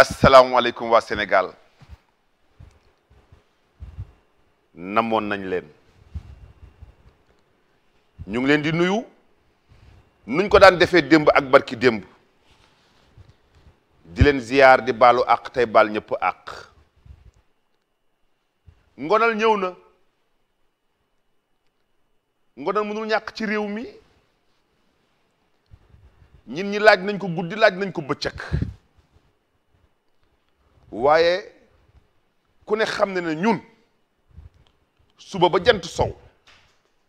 asalaamualeykum waa Sénégal namoon nañ leen ñu ngi leen di nuyu nuñ ko daan defee démb ak barki démb di leen ziyaar di baalu àq tey baal ñëpp àq ngonal ñëw na ngonal mënul ñàkk ci réew mi ñin ñi laaj nañ ko guddi laaj nañ ko bëccëg waaye ku ne xam ne ne ñun suba ba jant sow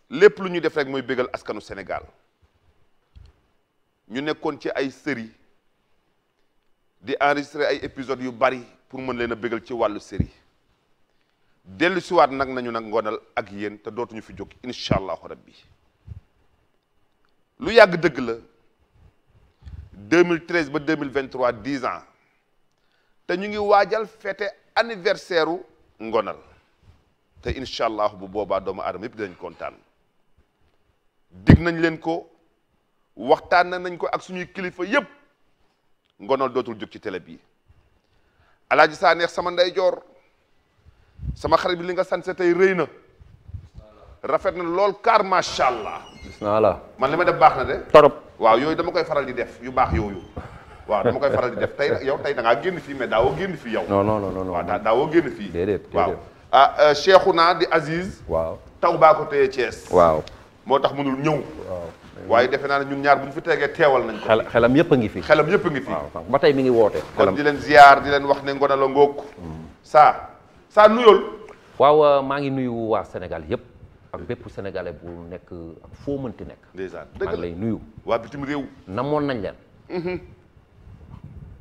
lépp lu ñuy def rek mooy bégal askanu Sénégal ñu nekkoon ci ay série di enregistrer ay épisodes yu bari pour mën leen a bégal ci wàllu série dellu siwaat nag nañu nag ngonal ak yéen te dootuñu fi jóg incha allahu rabbi lu yàgg dëgg la 2013 ba 2023 10 ans te ñu ngi waajal fete anniversaire u ngonal te incha allah bu boobaa doomu aadama yëpp dañ kontaan digg nañ leen ko waxtaan nañ ko ak suñuy kilifa yëpp ngonal dootul jóg ci télé bi alaaji saa neex sama ndeyjoor sama xarit bi li nga sant tey rëy na rafet na lool car macha allah. gis naa la man li ma def baax na de. torop waaw yooyu dama koy faral di def yu baax yooyu. waaw dama koy faral di def tey yow tey da ngaa génn fii mais daawoo génn fii yow. non non non non waaw génn fii. déedéet waaw ah euh, Cheikhouna di Aziz. waaw taw baa ko téye Thiès. waaw moo tax mënul ñëw. waaw waaye defe naa ne ñun ñaar bu fi tegee teewal nañ xelam yëpp a ngi fi. xelam yëpp a ba tey mi ngi woote. kon di leen ziar di leen wax ne ngona la ngóog. Mm. saa saa nuyool. Euh, maa ngi nuyu waa Sénégal yëpp. ak bépp sénégalais bu nekk foo mënti nekk. dèjà dëgg nuyu. waa bitim réew. namoon nañ leen. Mm-hmm.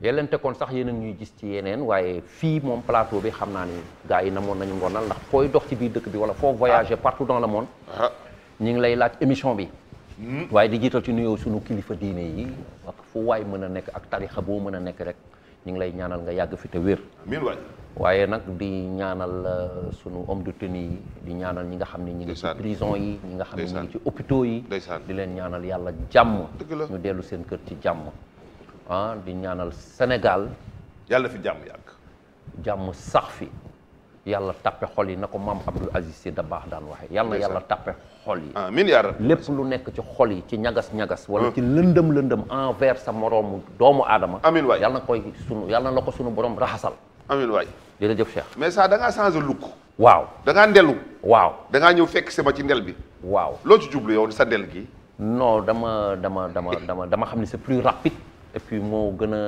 yelente kon sax yéen ñuy gis ci yeneen waaye fii moom plateau bi xam naa ni gars yi namoon nañu ngonal ndax fooy dox ci biir dëkk bi wala foo voyager ah. partout dans le monde ah. ñi ngi lay laaj émission bi hmm. waaye di jiital ci nuyoo suñu kilifa diine yi wax fu waay mën a nekk ak tarixa boo mën a nekk rek ñu ngi lay ñaanal nga yàgg fi te wér amiin waay waaye nag di ñaanal euh, sunu homme de tenue yi di ñaanal ñi nga xam ne ñi ngi ci prison yi ñi nga xam ne ñi ngi ci hôpitaux yi leen ñaanal yàlla jàmm ñu dellu seen kër ci jàmm ah di ñaanal Sénégal. yàlla fi jàmm yàgg. jàmm sax fi yàlla tappe xol yi na ko maam Abdul Aziz Sy Dabakh daan waxee. yàlla yàlla tappe xol yi. amiin yaa rabbi lépp lu nekk ci xol yi ci ñagas-ñagas. wala hmm. ci lëndëm lëndëm envers sa moroomu doomu aadama. amiin waay yàlla na koy sunu yàlla na ko sunu borom raxasal. amiin waay jërëjëf Cheikh. mais ça da ngaa changé look. waaw da ngaa ndellu. waaw da ngaa ñëw fekk sama ci ndel bi. waaw loo ci jublu yow sa ndel gi. non dama dama dama dama dama xam ne c'est plus rapide. et moo gën a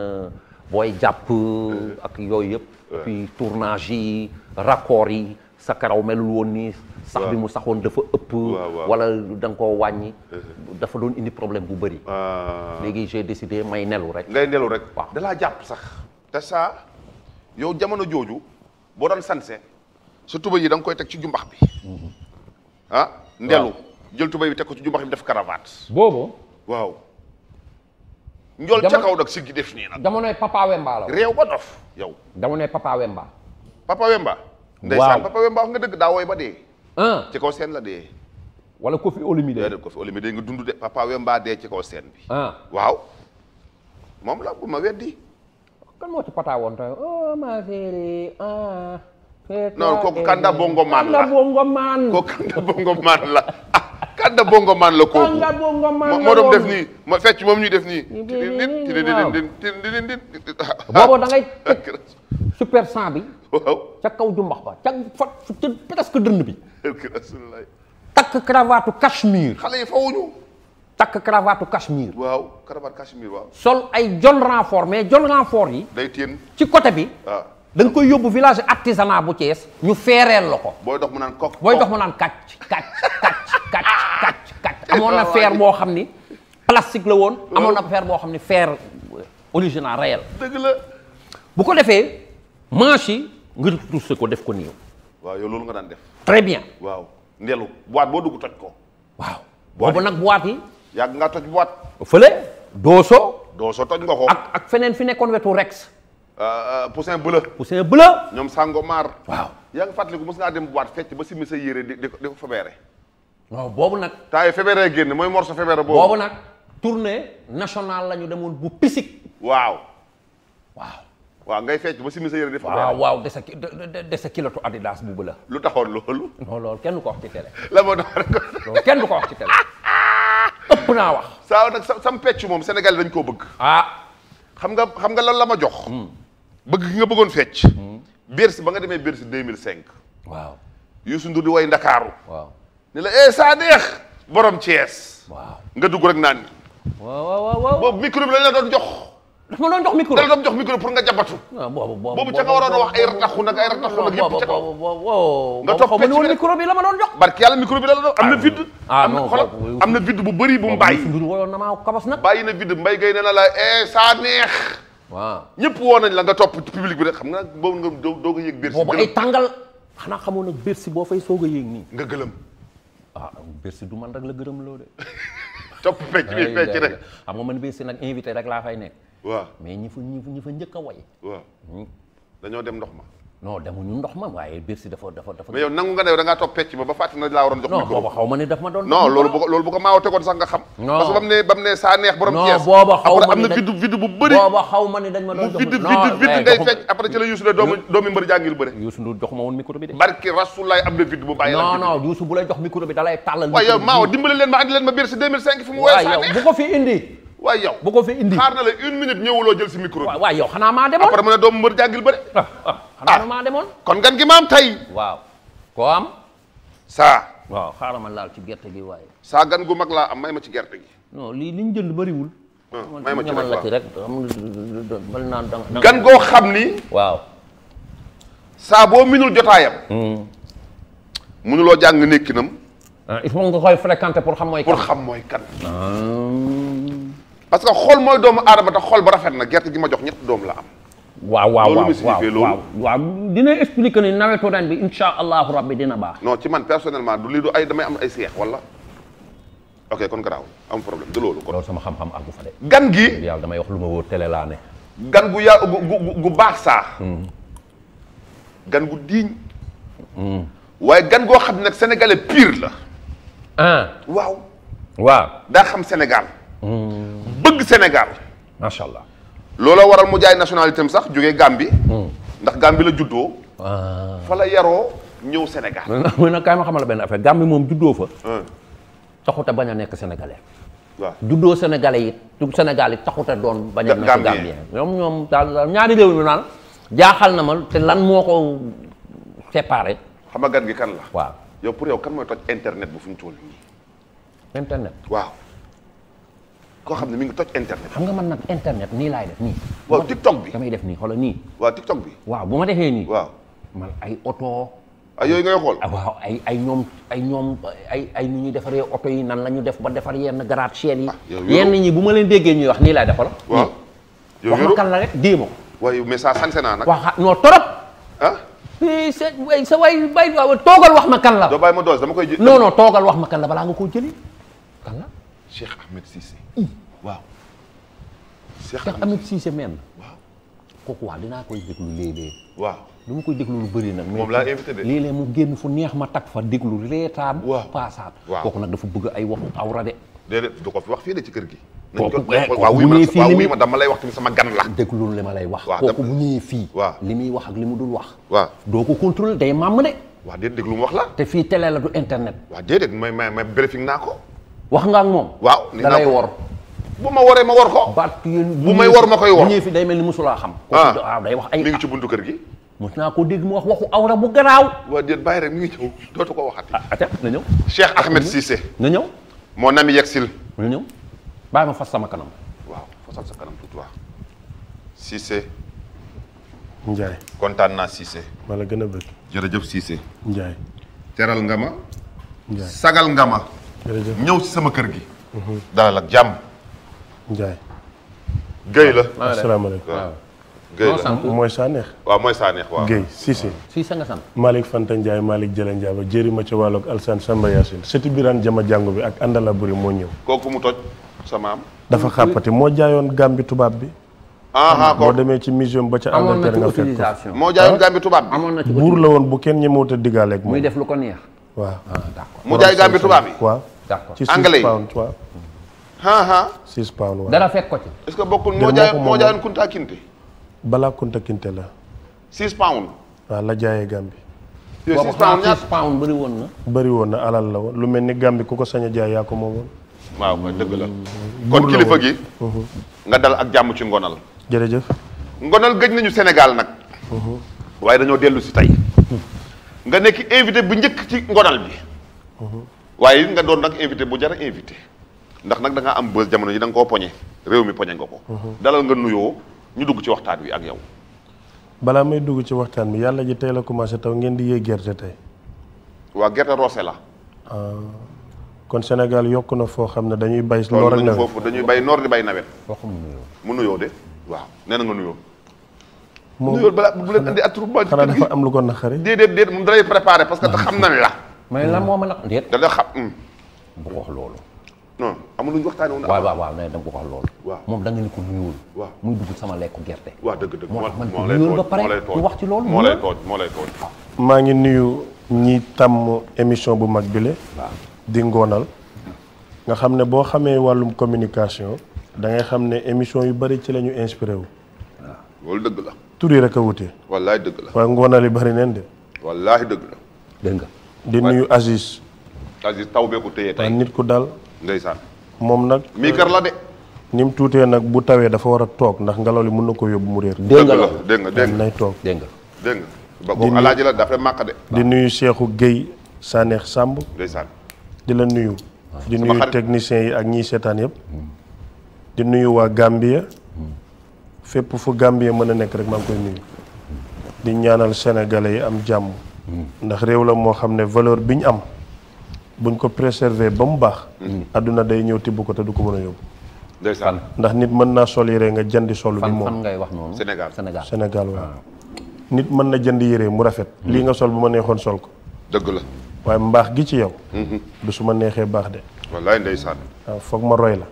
booy jàpp ak yooyu yëpp et puis tournage yi raccord yi sa karaw melul woon nii sax bi mu saxoon dafa ëpp wala da nga koo wàññi dafa doon indi problème bu bëri ah. léegi j'ai décidé may nelu rek ngay nelu rek waaw dalaa jàpp sax te ça yow jamono jooju boo doon sanse sa tuba yi da koy teg ci jumbax bi mhm. ah ndelu jël tuba yi ci jumbax bi def cravate boobu waaw njool ca kaw nag siggi def nii nag. jamonoy Papa Wemba la. réew ba dof yow. jamonoy Papa Wemba. Papa Wemba. waaw ndeysaan Papa Wemba wax nga dëgg daa wooy ba dee. ci kaw seen la dee. wala Koffi Olomide. déedéet nga dund de Papa Wemba dee ci kaw seen bi. waaw moom la bu ma weddi. kan moo ci pata woon tey oh, ah, Kanda Bongo Man la. Tanda Bongo Man la kooku Tanda Bongo Man moo doon def nii ma fecc moom ñuy def nii. di di di boobu da ngay teg super sang bi. waaw ca kaw jumbax ba ca fa presque dënd bi. takk cravate cachemire. xale yi faw ñu. takk cravate cachemire. waaw cravate cachemire waaw. sol ay jol renfort mais jol renfort yi. day tiin ci côté bi. waaw ah. da koy yóbbu village artisanat bu Thiès ñu feereel la ko. booy dox mu naan kok booy dox mu naan kàcc kàcc kàcc kàcc kàcc amoon na feer boo xam ni plastique la woon. amoon na feer boo xam ni feer original réel. dëgg la bu ko defee manche yi nga retoussé ko def ko nii. waaw loolu nga daan def. très bien. waaw ndelu boîte boo dugg toj ko. waaw boobu nag waat yi. yàgg nga toj boîte. fële dooso. dooso doo nga ko. ak ak feneen fi nekkoon wetu Rex. Euh, euh, Poussin Bleu. Poussin Bleu. ñoom Sangomar. waaw yaa ngi fàttaliku mos ngaa dem boîte fecc ba simmi sa yére di ko febeere. waaw boobu nag. taa yi febeere génn mooy morso febeere boobu. boobu nag tournée nationale la ñu demoon bu pisik. waaw. waaw. waaw ngay fecc ba simmi sa yére di. febeere waaw waaw dese dese kilotu Adidas bu bëla. lu taxoon loolu. non loolu kenn du ko wax ci télé. la moo tax kenn du ko wax ci télé. ëpp naa wax. saa nag sam pecc moom Sénégal dañ koo bëgg. ah. nga xam nga lan la ma jox. Hmm. bëgg gi nga bëggoon fecc. Hmm. Bercy ba nga demee Bercy 2005. cinq Youssou Ndour di way Ndakaaru. waaw ne la eh Sadex borom Thiès. waaw nga dugg rek naan. waaw waaw waaw boobu micro bi la la doon jox. dafa doon jox micro da la doon jox micro pour nga jabatu. Ah, boobu boobu a wax ay rataxu nag la ma doon jox. am na vide. bu bari bu mu bàyyi. waaw Youssou Ndour waroon na maa kabas mbay gay nee na la eh waaw ñëpp woo nañ la nga topp public bi rek xam nga boobu nga doog ko yëg Bercy boobu ay tàngal xanaa xamoon nag Bercy boo fay soog a yëg nii nga gëlëm ah Bercy du man rek la gërëm loo de topp pecc bi pecc rek xam nga man Bercy nag invité rek laa fay nekk waaw mais ñi fa ñi fa njëkk a way waaw hmm. dañoo dem ndox ma non demuñu ndox ma waaye da ngaa toog pecc ba ba fàttali laa waroon jox. micro non xaw ma ne daf ma doon. non loolu xaw ma ne dañ ma doon jox vidéo vidéo ngay fecc de. barki Rasulaay am na vidéo bu bàyyi la. non non Youssou jox micro bi da lay tàllal. yow maaw dimbali leen ma andi leen ma biir fu mu woyee fi indi waaw yow bu ko fi indi xaar na la une minute ñëwuloo jël si micro bi. waaw xanaa maa demoon après mu ne doomu mbër jàngil bëre. ah, ah, ah kon gan gi ma am tey. waaw koo am. saa. waaw xaaral ma laal ci gerte gi waaye. saa gan gu mag laa am may ma ci gerte gi. non lii li ñu jënd ah, ma rek la ci rek bal naan danga. gan goo xam ni. waaw. saa boo minul jotaayam. Hmm. mënuloo jàng nekkinam. il faut nga koy fréquenter pour mooy kan. pour xam mooy kan. parce que xol mooy doomu aadama te xol ba rafet na gerte gi ma jox ñett doom la am. waaw waaw waaw waaw waaw dina expliquer ni nawetu ren bi incha allahu rabbi dina baax. non ci man personnellement du lii du ay damay am ay seex wala. ok kon garaaw am problème de loolu. kon loolu sama xam-xam àggu fa de. gan gi yàlla damay wax lu ma wóor télé laa ne. gan gu ya gu baax saa. Hmm. gan gu diiñ. Hmm. waaye gan goo xam ne nag sénégalais pire la. Ah. waaw. daa xam Sénégal. Hmm. bëgg Sénégal. macha allah looloo waral mu jaay nationalité am sax jógee Gambie. Hmm. ndax Gambie la juddoo. Ah. fa la yaroo ñëw Sénégal. mën na kaay ma xamal benn affaire Gambie moom juddoo fa. Hmm. taxut a bañ a nekk sénégalais. waaw juddoo sénégalais yi tout Sénégal yi taxut a doon. bañ a nekk gambien ñoom ñoom daal ñaari réew mi naan jaaxal na ma te lan moo ko séparé. xam nga gan gi kan la. waaw yow pour yow kan mooy toj internet bu fi ñu toll internet koo xam ne mu ngi toj internet. xam nga man nag internet nii laay def nii. waaw tiktok bi damay def nii xoolal nii. waaw tiktok bi. waaw bu ma defee nii. waaw man ay oto. ay ah, yooyu ngay xool. Ah, waaw ay ay ñoom ay ñoom ay ay nu ñuy defaree oto yi nan la ñu def ba defar yenn garaat chaîne yi. Ah, yenn ñi bu ma leen déggee ñuy wax nii laay defal. waaw yow wax ma kan la rek ma ko. waaye mais ça sansé naa nag. waaw non trop. ah. Eh, sa waay eh, sa waay bay toogal wax ma kan la. doo bàyyi ma doos dama koy. non toogal wax ma kan balaa nga koo jëli kan la. Cheikh Ahmed Cissé. waaw. Cheikh Ahmed Cissé men waaw kooku waaw dinaa koy déglu léeg-léeg. waaw du ma koy déglu lu bari nag. moom laa invité de léeg-léeg mu génn fu neex ma tag fa déglu reetaan. waaw paasaat. waaw kooku nag dafa bëgg ay waxu awra de. du ko fi wax fii de ci kër gi. kooku eh, waaw bu ñëwee fii li ma dama lay wax tamit sama gan la. déglul li ma lay wax. kooku bu ñëwee fii. waaw li muy wax ak li mu dul wax. waaw doo ko contrôle day ma de. waaw déedéet déglu wax la. te fii télé la du internet. waaw déedéet may may may briefing naa ko. wax ngaa ak moom. waaw da lay wor. bu ma woree ma war ko. baat bu may war ma koy wor bu ñëwee fi day mel ni musulaa xam. ah, ah wax ay mi ci buntu kër gi. mos naa ko dégg mu wax waxu awra bu garaaw. waa déet bàyyi rek mu ngi ñëw dootu ko wax ah ati na ñëw. Cheikh Ahmed Cissé. na ñëw. mon ami Yeksil. na ñëw bàyyi ma fas sama kanam. waaw fasal sa kanam tuuti waaw. Cissé. Ndiaye kontaan naa Cissé. wala gën a bëgg. jërëjëf Cissé. Ndiaye. teral nga ma. sagal nga ma. ñëw si sama kër gi. dalal ak jàmm. Ndiaye. Guèye la asalaamaaleykum waaw. Guèye la mooy Sanex. waaw mooy Sanex waaw. Guèye Cissé. Cissé sant. Malick Fanta Ndiaye Malick Jalle Ndiaye ba Jéeri Macha Wallo ak Alsane Samba Yacine sëti Birane Jama jàngu bi ak Andala Buri moo ñëw. kooku mu toj sama am. dafa xàppati moo jaayoon bi tubaab bi. ah, ah boo demee ci museum ba ca Angleterre nga fekk moo jaayoon Gàmbi tubaab bi. na buur la woon bu kenn ñemewut a diggaaleeg moom. muy def lu ko neex. waaw ah, d'accord mu jaay Gàmbi tubaab bi d'accord anglais yi ci 6 pounds ah 6 pounds waaw. dara fekk ko ci. est-ce que bokkul moo moo jaayoon Kunta Kinte. balaa Kunta Kinte la. 6 pounds. waaw la jaayee Gambie. yooyu 6 pounds ñaar 6 pounds woon na. bëri woon na alal la lu mel ni Gambie ku ko sañ a jaay yaa ko moomoon. waaw mooy dëgg la. Mm-hmm. kon kilifa mm-hmm. nga dal ak jàmm ci ngonal. jërëjëf. ngonal gëj nañu Sénégal nag. Mm-hmm. waaye dañoo dellu si tey. nga nekk invité bi njëkk ci ngonal bi. waaye it nga doon nag invité bu jar a invité ndax nag danga am bës jamono yi da nga koo poñe réew mi poñe nga ko. Mhm. dalal nga nuyoo ñu dugg ci waxtaan wi ak yow. balaa may dugg ci waxtaan bi yàlla ji tey la commencé taw ngeen di yéeg gerte tey. waa gerte roose la. Ah. kon Sénégal yokk na foo xam ne dañuy bay. noor ak nawet foofu dañuy bay noor di bay nawet. mu nuyoo de waaw nee na nga nuyoo. moom nuyoo balaa bu leen andi attroupement. xanaa dafa am lu ko naqari. déedéet déet parce que xam na la. mais lan hmm. moo ma nag déet. da nga hmm. wax loolu. non amul lu ñu waxtaanee woon. waaw waaw waaw nee moom da nga ko nuyoo. waaw sama lekku gerte. waaw dëgg dëgg moo man ko nuyoo ba pare ñu wax ci loolu. moo lay tooj moo maa ngi nuyu ñi tàmm émission bu mag bile. waaw di ngoonal. nga xam ne boo xamee wàllum communication. dangay xam ne émission yu bari ci la ñu inspiré wu. loolu dëgg la. tur yi rek a wute. wallaay dëgg waaye ngoonal yi bari neen de. wallaay dëgg la. dégg nga. di nuyu Aziz. Aziz taw bee ko téye tey nit ku daal ndeysaan moom nag. mii kër la euh, tuutee nag bu tawee dafa war a toog ndax ngelaw li mun na koo yóbbu mu réer. dégg dégg nga dégg nga toog dégg nga. dégg nga ba la dafa màq di nuyu Cheikhou Guèye Saneex Samb. ndeysaan di la nuyu. Ah. di nuyu techniciens yi ak ñiy seetaan yëpp. Hmm. di nuyu waa Gambia. Hmm. fépp fu Gambia mën a nekk rek maa ngi koy nuyu. Hmm. di ñaanal sénégalais yi am jàmm. ndax réew la moo xam ne valeur bi ñu am buñ ko préserver ba mu baax. àdduna mm. day ñëw tibb ko te du ko mën a yóbbu. ndeysaan ndax nit mën naa sol yére nga jëndi sol. bi moom fan ngay wax noonu. Sénégal Sénégal waaw. Ah. nit mën na jënd yére mu rafet. Mm. lii nga sol bu ma neexoon sol ko. dëgg la. waaye mbaax gi ci yow. Mm-hmm. du su ma neexee baax de. wallaay ndeysaan. waaw ah, foog ma roy la.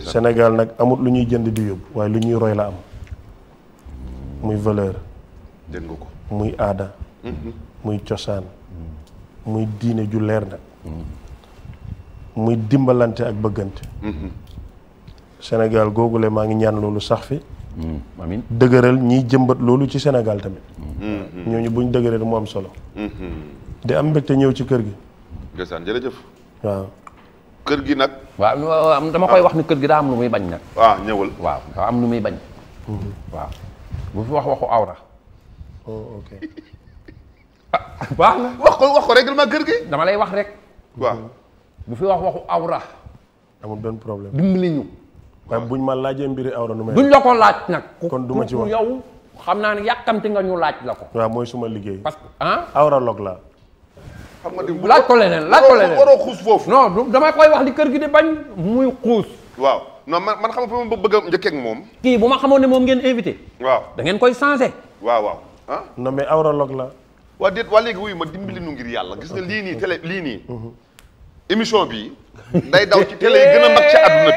Sénégal nag amut lu ñuy jënd di yóbbu waaye lu ñuy roy la am muy valeur. dégg ko muy aada. muy cosaan muy diine ju leer nag muy dimbalante ak bëggante Sénégal googule maa ngi ñaan loolu sax fi amiin dëgëral ñiy jëmbat loolu ci Sénégal tamit ñooñu buñ dëgëree mu am solo di am mbégte ñëw ci kër gi ndeysaan jërëjëf waaw kër gi nag waaw dama koy ah. wax ni kër gi daa am lu muy bañ nag ah, waaw am lu muy bañ mhm. waaw bu fi wax waxu awra oh, Ah, waa na wax ko wax ko règlement kër gi. dama lay wax rek. waaw bu fi wax waxu awra. amul benn problème dimbali ñu. waaye buñ ma laajee mbiri awra nu may. duñ la ko laaj nag. kon du ma ci wax yow xam naa ne yàkkamti nga ñu laaj la ko. waaw mooy suma liggéey. parce que ah awra la xam nga di laaj ko ko leneen waroo xuus foofu. non dama koy wax li kër gi di bañ muy xuus. waaw non man man xam nga fa ma bëgg a njëkkee moom. kii bu ma xamoon ne moom ngeen invité. waaw da ngeen koy changé. waaw waaw ah. mais awra log la waa déet waa léegi wuyu ma dimbali nu ngir yàlla gis na lii nii télé lii nii émission bi day daw ci télé yu gën a mag ci àdduna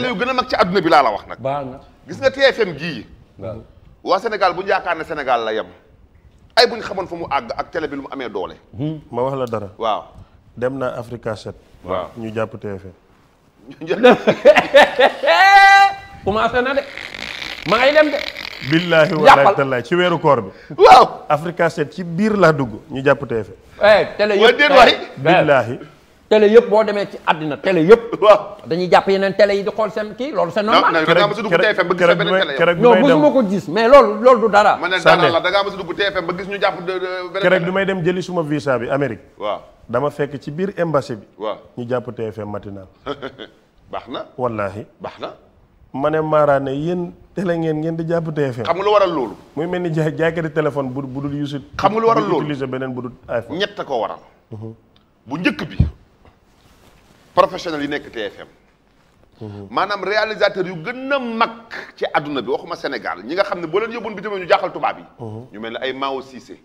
bi yu gën a mag ci àdduna bi laa la wax nag gis nga TFM gi waa Sénégal bu ñu ne Sénégal la yem ay bu ñu xamoon fa mu àgg ak télé bi lu mu amee doole hmm. ma wax la dara waaw dem na Africa 7 waaw ñu jàpp TFM commencé na de maa dem de billahi walaay tallaay ci weeru koor bi. waaw Africa ci biir laa dugg ñu jàpp teefe. Eh, télé yëpp déet waay eh, eh. billahi télé yëpp boo demee ci àddina tele yëpp. waaw dañuy jàpp yeneen télé yi di xool seen ki loolu c'est normal. non dangaa mës a dugg TFM ba gis ko gis mais loolu loolu du dara. sànni a dugg TFM ba gis ñu jàpp beneen keroog bi may dem jëli suma visa bi Amérique. waaw dama fekk ci biir embassy bi. waaw ñu jàpp TFM matinal. baax na wallaahi baax na. ma ne maaraane yéen télé ngeen ngeen di jàpp TFM xam nga lu waral loolu muy mel ni jaay jaaykati téléphone bu bu dul yusi xam nga lu waral loolu utiliser beneen bu dul ñett ko waral mhm. bu njëkk bi professionnel yi nekk TFM mhm. maanaam réalisateur yu gën a mag ci àdduna bi waxuma Sénégal ñi nga xam ne boo leen bi bitim ñu jaaxal tubaab yi mhm. ñu mel ne ay Mao Cissé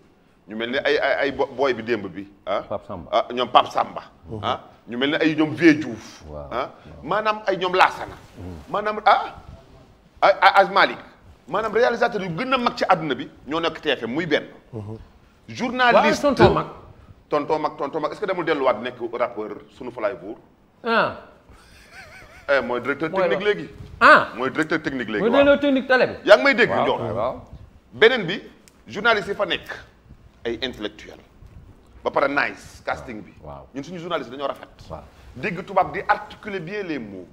ñu mel ni ay ay ay booy bi démb bi ah. Pape Samba ah, ñoom Pape Samba. ah ñu mel ni ay ñoom Vieux ah? maanaam ay ñoom Laasana. maanaam ah ah as Malick maanaam réalisateur yu gën a mag ci àdduna bi ñoo nekk TFM muy benn. journaliste waaw tonton mag. tonton mag tonton mag est-ce que demul delluwaat nekk rappeur sunu falaay buur. ah. eh mooy directeur technique léegi. ah mooy directeur technique léegi waaw mooy directeur yaa ngi may dégg Ndiol beneen bi journaliste yi fa nekk. ay intellectuel ba pare nice casting bi. waaw ñun suñu journaliste dañoo rafet. waaw dégg tubaab di articuler bien les mots.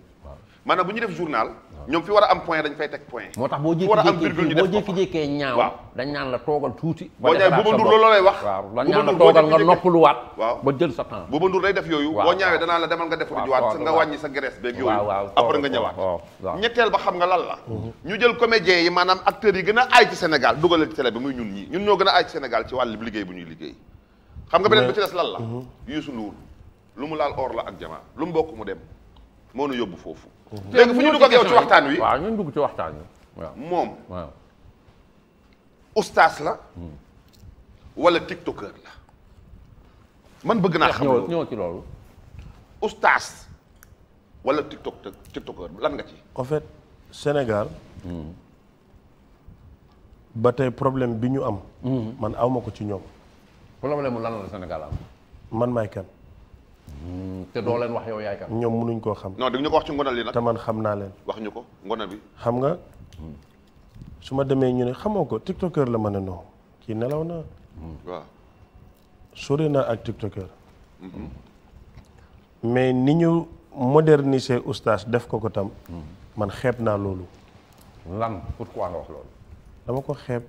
maanaam bu ñu def journal ñoom fi war a am point dañ fay teg point moo tax boo jékki-jékkee ñaaw dañ naan la toogal tuuti boo ñaawee Bouba Ndour loolu lay wax waaw dañ naan la toogal nga noppaluwaat waaw ba jël sa temps Bouba Ndour day yooyu boo ñaawee danaa la demal nga def juwaat nga wàññi sa graisse beeg yooyu après nga ñëwaat ñetteel ba xam nga lan la mhm. ñu jël comédiens yi maanaam acteurs yi gën a aay ci Sénégal dugalal ci télé bi muy ñun ñoo gën a aay ci Sénégal ci wàllu liggéey bu ñuy liggéey ba ci des lan la mhm. Youssou Ndour lu mu laal or la ak jamaa lu mu mu dem moo nu yóbbu foofu léegi fu ñu dugg ak yow ci waxtaan wi waaw ñu dugg ci waxtaan wi waaw moom waaw ustaas la hmm. wala tiktoker la man bëgg naa xam ñëw ci loolu ustaas wala tiktok tiktoker lan nga ci en fait Sénégal hmm. ba tey problème bi ñu am hmm. man awma ko ci ñoom problème mu lan la Sénégal am man maay kan te doo leen wax yow yaay kan. ñoom mënuñ koo xam. non di wax ci ngonal li nag. te man xam naa leen. wax ñu ko ngonal bi. xam nga su ma demee ñu ne xamoo ko tiktoker la ma ne non kii nelaw na. Hmm. waaw sori na ak tiktoker. Hmm. mais ni ñu moderniser oustaz def ko ko tam. Hmm. man xeeb naa loolu. lan pourquoi nga wax loolu. dama ko xeeb.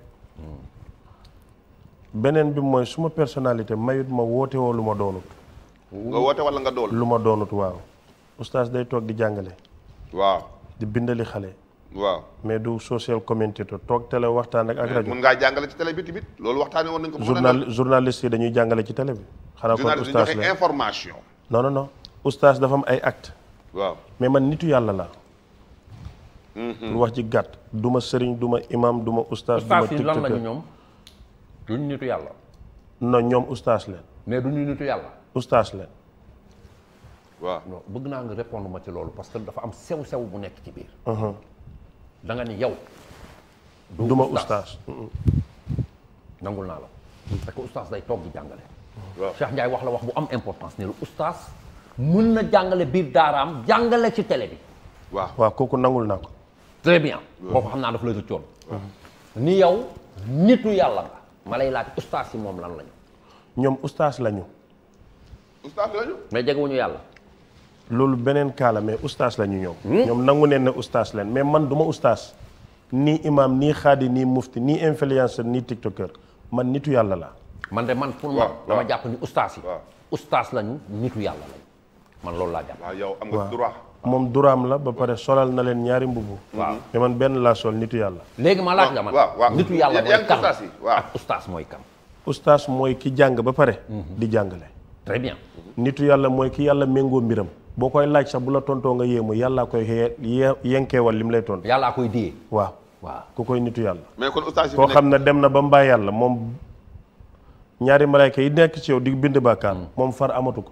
beneen bi mooy suma personnalité mayut ma wootewoo lu ma doonut. nga woote wala nga dool lu ma doonut waaw oustaz day toog di jàngale waaw di bindali xale waaw mais du social commentator toog télé waxtaan ak ak rajo eh, mun ngaa jàngale ci télé bi tamit loolu waxtaanee woon nañ ko journal journaliste yi dañuy jàngale ci télé bi xanaa kon oustaz la information non non non oustaz ay acte waaw mais man nitu yàlla laa mm-hmm. wax ci gàtt du ma sëriñ du ma imam du ma oustaz du ma ñoom duñ ñoom oustaz leen mais duñu nitu yàlla oustaz la. waaw non bëgg naa nga répondre ma ci loolu parce que dafa am sew sew bu nekk ci biir. Uh-huh. da nga ni yow. du ma oustaz nangul naa la. Mm. parce que oustaz day toog di jàngale. waaw Cheikh Ndiaye wax la wax bu am importance ne la oustaz mën na jàngale biir daaraam jàngale ci télé bi. waaw kooku nangul naa ko. très bien. kooku xam naa daf lay rëccoon. Uh-huh. ni yow nitu yàlla nga. ma lay laaj oustaz yi moom lan lañu. ñoom oustaz lañu. ustaas lañu mais jegewuñu yàlla. loolu beneen kaala mais ustaas lañu ñoom. Hmm? ñoom nangu neen ne ustaas leen mais man duma ma ustaas nii imaam nii xaadi nii mufti nii influenceur nii tiktoker man nitu yàlla la man de man pour man dama jàpp ni ustaas yi. ustaas lañu nitu yàlla lañu man loolu laa jàpp. waaw yow am nga moom duraam la ba pare solal na leen ñaari mbubu. waaw mais benn laa sol nitu yàlla. léegi ma laaj la nitu yàlla mooy kan ak ustaas mooy kan. ustaas mooy ki jàng ba pare. Mhm. di jàngale. très bien. nitu yàlla mooy ki yàlla méngoo mbiram. boo koy laaj sax bu la tontoo nga yéemu yàllaa koy yee yenkeewal li mu lay tontu. yàllaa koy diyee. waaw waaw ku koy nitu yàlla. mais kon oustaz koo xam ne dem na ba mbaa yàlla moom ñaari malaayka yi nekk ci yow di bind bàkkaar. Hmm. moom far amatu ko.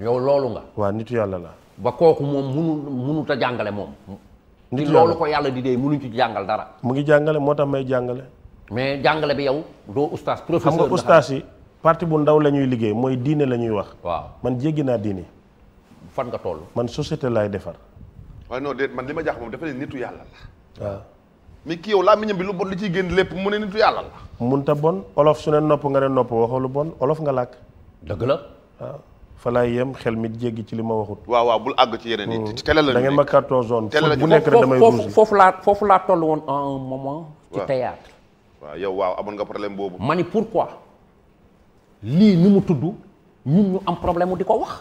yow loolu nga. waaw nitu yàlla la. ba kooku moom munu munut a jàngale moom. nitu loolu ko yàlla di dee munuñ ci jàngal dara. mu ngi jàngale moo tax may jàngale. mais jàngale bi yow doo oustaz. professeur xam nga oustaz yi. parti bu ndaw la ñuy liggéey mooy diine la ñuy wax. waaw man jéggi naa diine. fan nga toll. man société laay defar. waaye non déet man li ma jaax moom dafa ne nitu yàlla la. waaw. mais kii yow laa miñam bi lu bon li ci génn lépp mu ne nitu yàlla la. mun ta bon olof su ne nopp nga ne nopp waxoo lu bon olof nga làkk. dëgg la waaw. fa laay yem xel mi jéggi ci li ma waxut. waaw waaw bul àgg ci yeneen yi. Hmm. télé la da ngeen ma carton zone. bu nekk rek damay rouge foofu laa foofu laa toll woon à un moment. ci théâtre waaw yow waaw amoon nga problème boobu. ma ni pourquoi. lii ni mu tudd ñun ñu am problème mu di ko wax.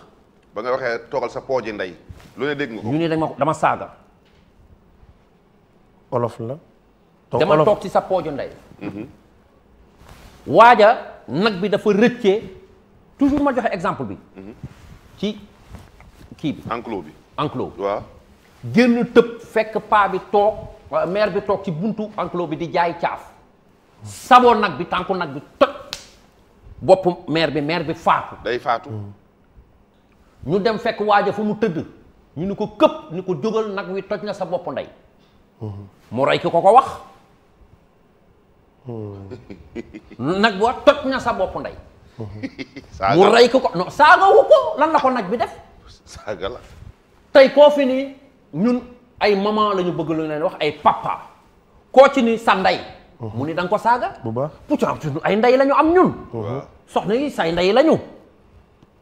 ba nga waxee toogal sa pooju ndey. lu ne dégg nga ko dañ ma ko dama saaga. olof la. dama toog ci sa pooju ndey. waaja nag bi dafa rëcce toujours ma joxe exemple bi. ci kii bi. enclos bi enclos. waaw génn tëb fekk paa bi toog euh, maire bi toog ci buntu enclos bi di jaay caaf. saboo nag bi tànku nag bi toj. bopp maire bi maire bi faatu. day faatu. ñu dem fekk waaja fu mu tëdd ñu ni ko këpp ni ko jógal nag wi toj na sa bopp ndey. mu rey ki ko ko wax. nag wa na sa bopp ndey. mu rey ko non saaga wu ko lan la ko nag bi def. saaga la. tey koo fi ni ñun ay maman lañu ñu bëgg lu leen wax ay papa koo ci ni sa ndey. mu ni da nga ko saaga. bu baax pourtant ay ndey la ñu am ñun. soxna yi say ndey la ñu.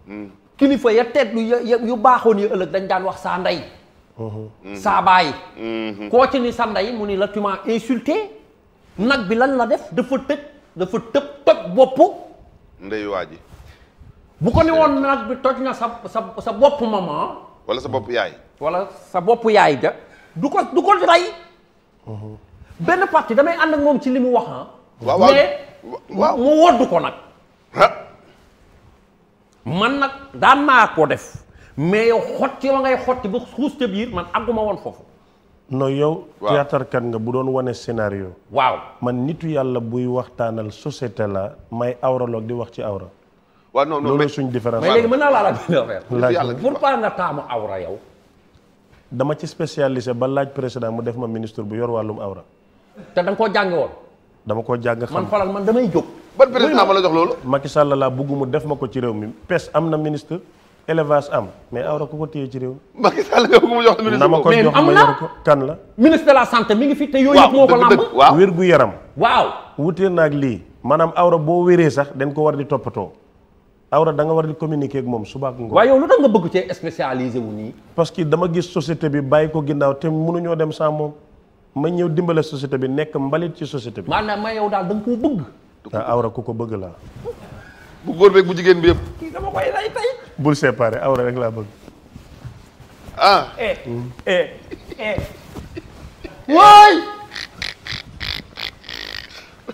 Hmm. kilifa ya teetlu ya yu baaxoon yi ëllëg dañ daan wax saa ndey. Hmm. saa baay. Hmm. koo ci ni sa ndey mu ni la tu m'as nag bi lañ la def dafa dafa tëb toj boppu. ndey waa bu ko ni woon nag bi toj na sa sa sa bopp maman. wala sa bopp yaay. wala sa bopp yaay ja du ko du ko rey. benn parti damay ànd ak moom ci li mu wax ah. waaw mais mu wodd ko nag. man nag daan naa ko def mais yow xotti wa ngay xotti ba xuus ca biir man àgguma woon foofu. non yow. waaw théâtre kat nga bu doon wone scénario. waaw man nit yàlla buy waxtaanal société la may awraloog di wax ci awra. waaw non non loolu suñ différence. mais léegi mën naa laa laaj benn affaire. pourquoi nga taamu awra yow. dama ci spécialisé ba laaj président mu def ma ministre bu yor wàllum awra. te da koo jàng woon. dama koo jàng xam man xoolal man damay jóg. ban président ma la jox loolu. Sall laa bëgg mu def ma ko ci réew mi pêche am na ministre élevage am mais awra ko ko téye ci réew mi. Macky Sall nga bëgg mu jox ministre ko mais am na kan la. ministre de la santé mi ngi fi te yooyu yëpp moo ko làmb. wér gu yaram. waaw wutee nag lii. maanaam awra boo wéree sax dañ ko war di toppatoo. awra da nga war di communiquer moom suba ak ngoon. waaye yow lu tax nga bëgg cee spécialisé wu nii. parce que dama gis société bi bàyyi ko ginnaaw te mënuñoo dem sans moom. ma ñëw dimbale société bi nekk mbalit ci société bi. maanaam ma yow daal da nga koo bëgg. Ah, awra ku ko bëgg laa. bu góor beeg bu jigéen bi yëpp. kii dama bul séparé awra rek laa bëgg. ah. eh, hmm. eh, eh.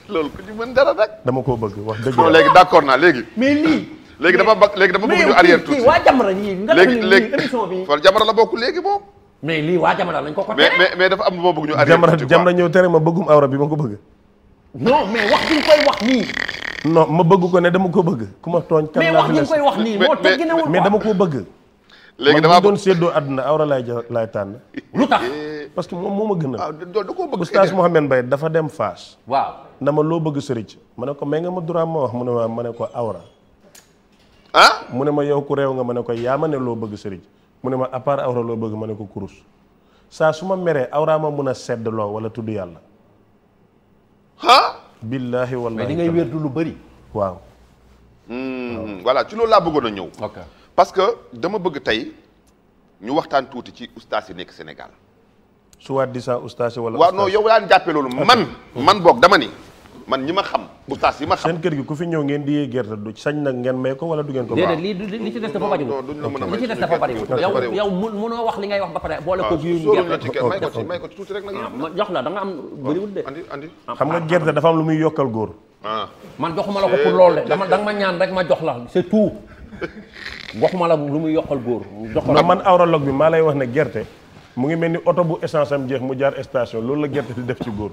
loolu ku ci mën dara nag. dama koo bëgg wax dëgg la léegi d'accord naa léegi. mais lii. léegi dama ba léegi bëgg ñu arrière tuuti. mais waa Jamra ñii nga def léegi léegi émission bi. far Jamra la bokk léegi moom. mais lii waa jamono lañ ko ko tere mais mais dafa am lu ma bëgg ñu arrêté jamono jamono ñëw tere ma bëggum awra bi ma ko bëgg non mais wax bi ñu koy wax nii non ma bëgg ko ne dama ko bëgg ku ma tooñ kan laa fi mais wax bi ñu koy wax nii moo tegginawul mais dama ko bëgg léegi dama doon séddoo àdduna awra laay ja laay tànn lu tax eh. parce que moom moo ma gënal waaw ah, da koo bëgg oustaz eh. Mouhamed Mbaye dafa dem Faas waaw ndama loo bëgg sëriñ ma ne ko mais nga ma droit ma wax mu ne ma ne ko awra ah mu ne ma yow ku réew nga ma ne ko yaa ma ne loo bëgg sëriñ mu ne ma à part awra loo bëgg ma ne ko kurus saa su ma meree awraa ma mën a sedd loo wala tudd yàlla. ah. billaahi wallaahi mais di ngay wérdu lu bari waaw. Hmm, voilà ci loolu laa bëggoon a ñëw. parce que dama bëgg tey ñu waxtaan tuuti ci ustaas yi nekk Sénégal. soit disant ustaas wala. waaw non yow daan jàppee loolu man. man boog dama ni. man ñi ma xam bu taas yi ma xam seen kër gi ku fi ñëw ngeen di yee gerte du sañ nag ngeen may ko wala du ngeen ko déedéet lii li ci des dafa bariwul li ci des dafa wax li ngay wax ba pare boole ah, ko biir gerte may nga ah, andi ah, xam nga gerte dafa am lu muy yokkal góor man joxuma la ko pour eh, dama da nga ma ñaan rek ma jox la c'est tout waxuma la lu muy yokkal góor joxla man awralog bi maa lay wax ne gerte mu ngi mel ni oto bu essence am jeex mu jaar station loolu la gerte di def ci góor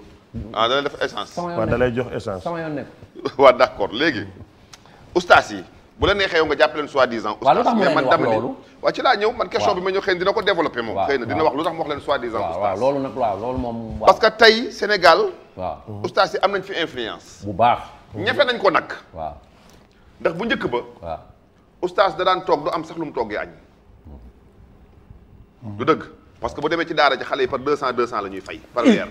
ah da lay def essence. waaw da lay jox essence. sama yoon accord léegi ustaas yi bu la neexee yow nga jàpp leen soi-disant. waaw lu tax mu man dama ni waaw ci laa ñëw man question bi ma ñëw xëy dina ko développé moom. xëy na dina wax lu tax mu wax leen soi-disant. ustaas waaw loolu moom. parce que tey Sénégal. waaw ustaas yi am nañ fi influence. bu baax. ñafe nañ ko nag. waaw ndax bu njëkk ba. waaw ustaas da daan toog du am sax lu mu toggee añ. Hmm. du dëgg parce que bu demee ci daara ji xale yi par deux cent deux cent la ñuy fay par weer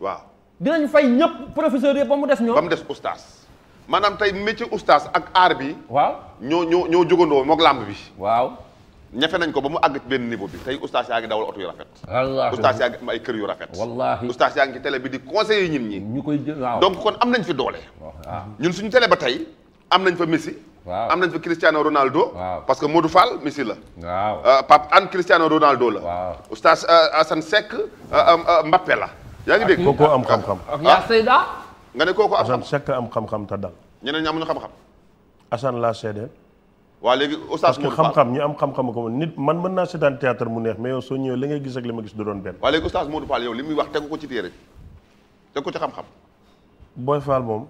waaw dinañ fay ñëpp professeur yëpp ba mu des ñoom. ba mu des oustaz. maanaam tey métier oustaz ak aar bi. waaw ñoo ñoo ñoo jógandoo moog làmb bi. waaw. ñafe nañ ko ba mu àgg benn niveau bi tey oustaz yaa ngi dawal oto yu rafet. wallaahi oustaz yaa ngi am kër yu rafet. wallaahi oustaz yaa ngi ci bi di conseiller ñin ñi. ñu koy jël waaw donc kon am nañ fi doole. ñun suñu télé ba tey am nañ fa Messi. waaw am nañ fa Cristiano Ronaldo. parce que Modou Fall Messi la. waaw euh, Pape An Cristiano Ronaldo la. waaw oustaz euh, Assane Seck euh, Mbappé la. yaa ngi dégg kooku am xam-xam. ak yaa Seyda. nga ne kooku am xam am xam-xam te dal. ñeneen ñi amuñu xam-xam. Assane laa seedeel. waa léegi oustaz Modou Fall ñi am xam-xam ko nit man mën naa seetaan théâtre mu neex mais yow ñëwee li ngay gis ak li ma gis du doon benn. waa léegi oustaz Modou Fall yow li muy wax tegu ko ci téere tegu ko ci xam-xam. booy Fall moom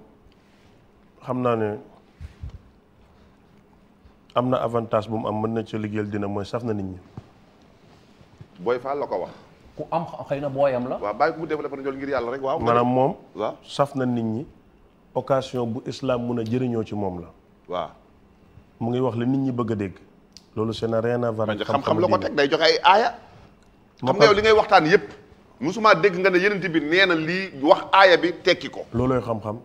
xam naa ne am na avantage bu mu am mën na ci liggéeyal dina mooy saf na nit ñi. booy Fall la ko wax. ku am xam xëy na booyam la. waaw bàyyi ko mu développé njool ngir yàlla rek waaw. maanaam moom. waaw saf na nit ñi occasion bu islam mun a jëriñoo ci moom la. waaw mu ngi wax la nit ñi bëgg a dégg. loolu c'est na rien à voir xam-xam la ko teg day joxe ay aaya. xam nga yow li ngay waxtaan yépp musuma dégg nga ne yeneen bi nee na lii wax aaya bi tekki ko. loolooy xam-xam.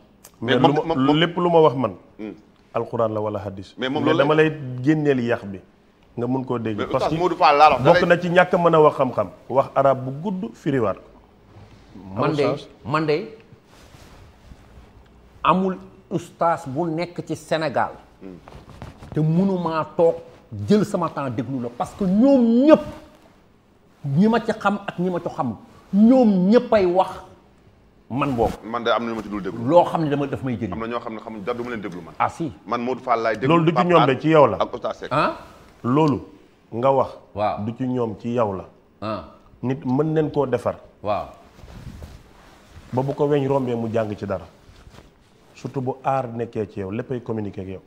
mais moom lépp lu ma wax man. Hmm. alxuraan la wala hadis. mais moom loolu dama lay génneel yàq bi. nga mun koo dégg parce que bokk na ci ñàkk mën a wax xam-xam wax arab bu gudd firiwaat ko man de man de amul ustaas bu nekk ci Sénégal te mënumaa toog jël sama temps déglu la parce que ñoom ñëpp ñi ma ci xam ak ñi ma ci xam ñoom ñëppay wax man boobu. man de am na lu ma ci dul déglu. loo xam ne dama def may jëriñ. am na ñoo xam ne xam dara du ma leen déglu man. Ah, si man Modou Fall laay déglu. loolu du ci ñoom ci yow la ak Oustaz ah. loolu nga wax. waaw du ci ñoom ci yow la. Ah. nit mën nañ koo defar. waaw. ba bu ko weñ rombee mu jàng ci dara surtout bu aar nekkee ci yow léppay communiquer ak yow.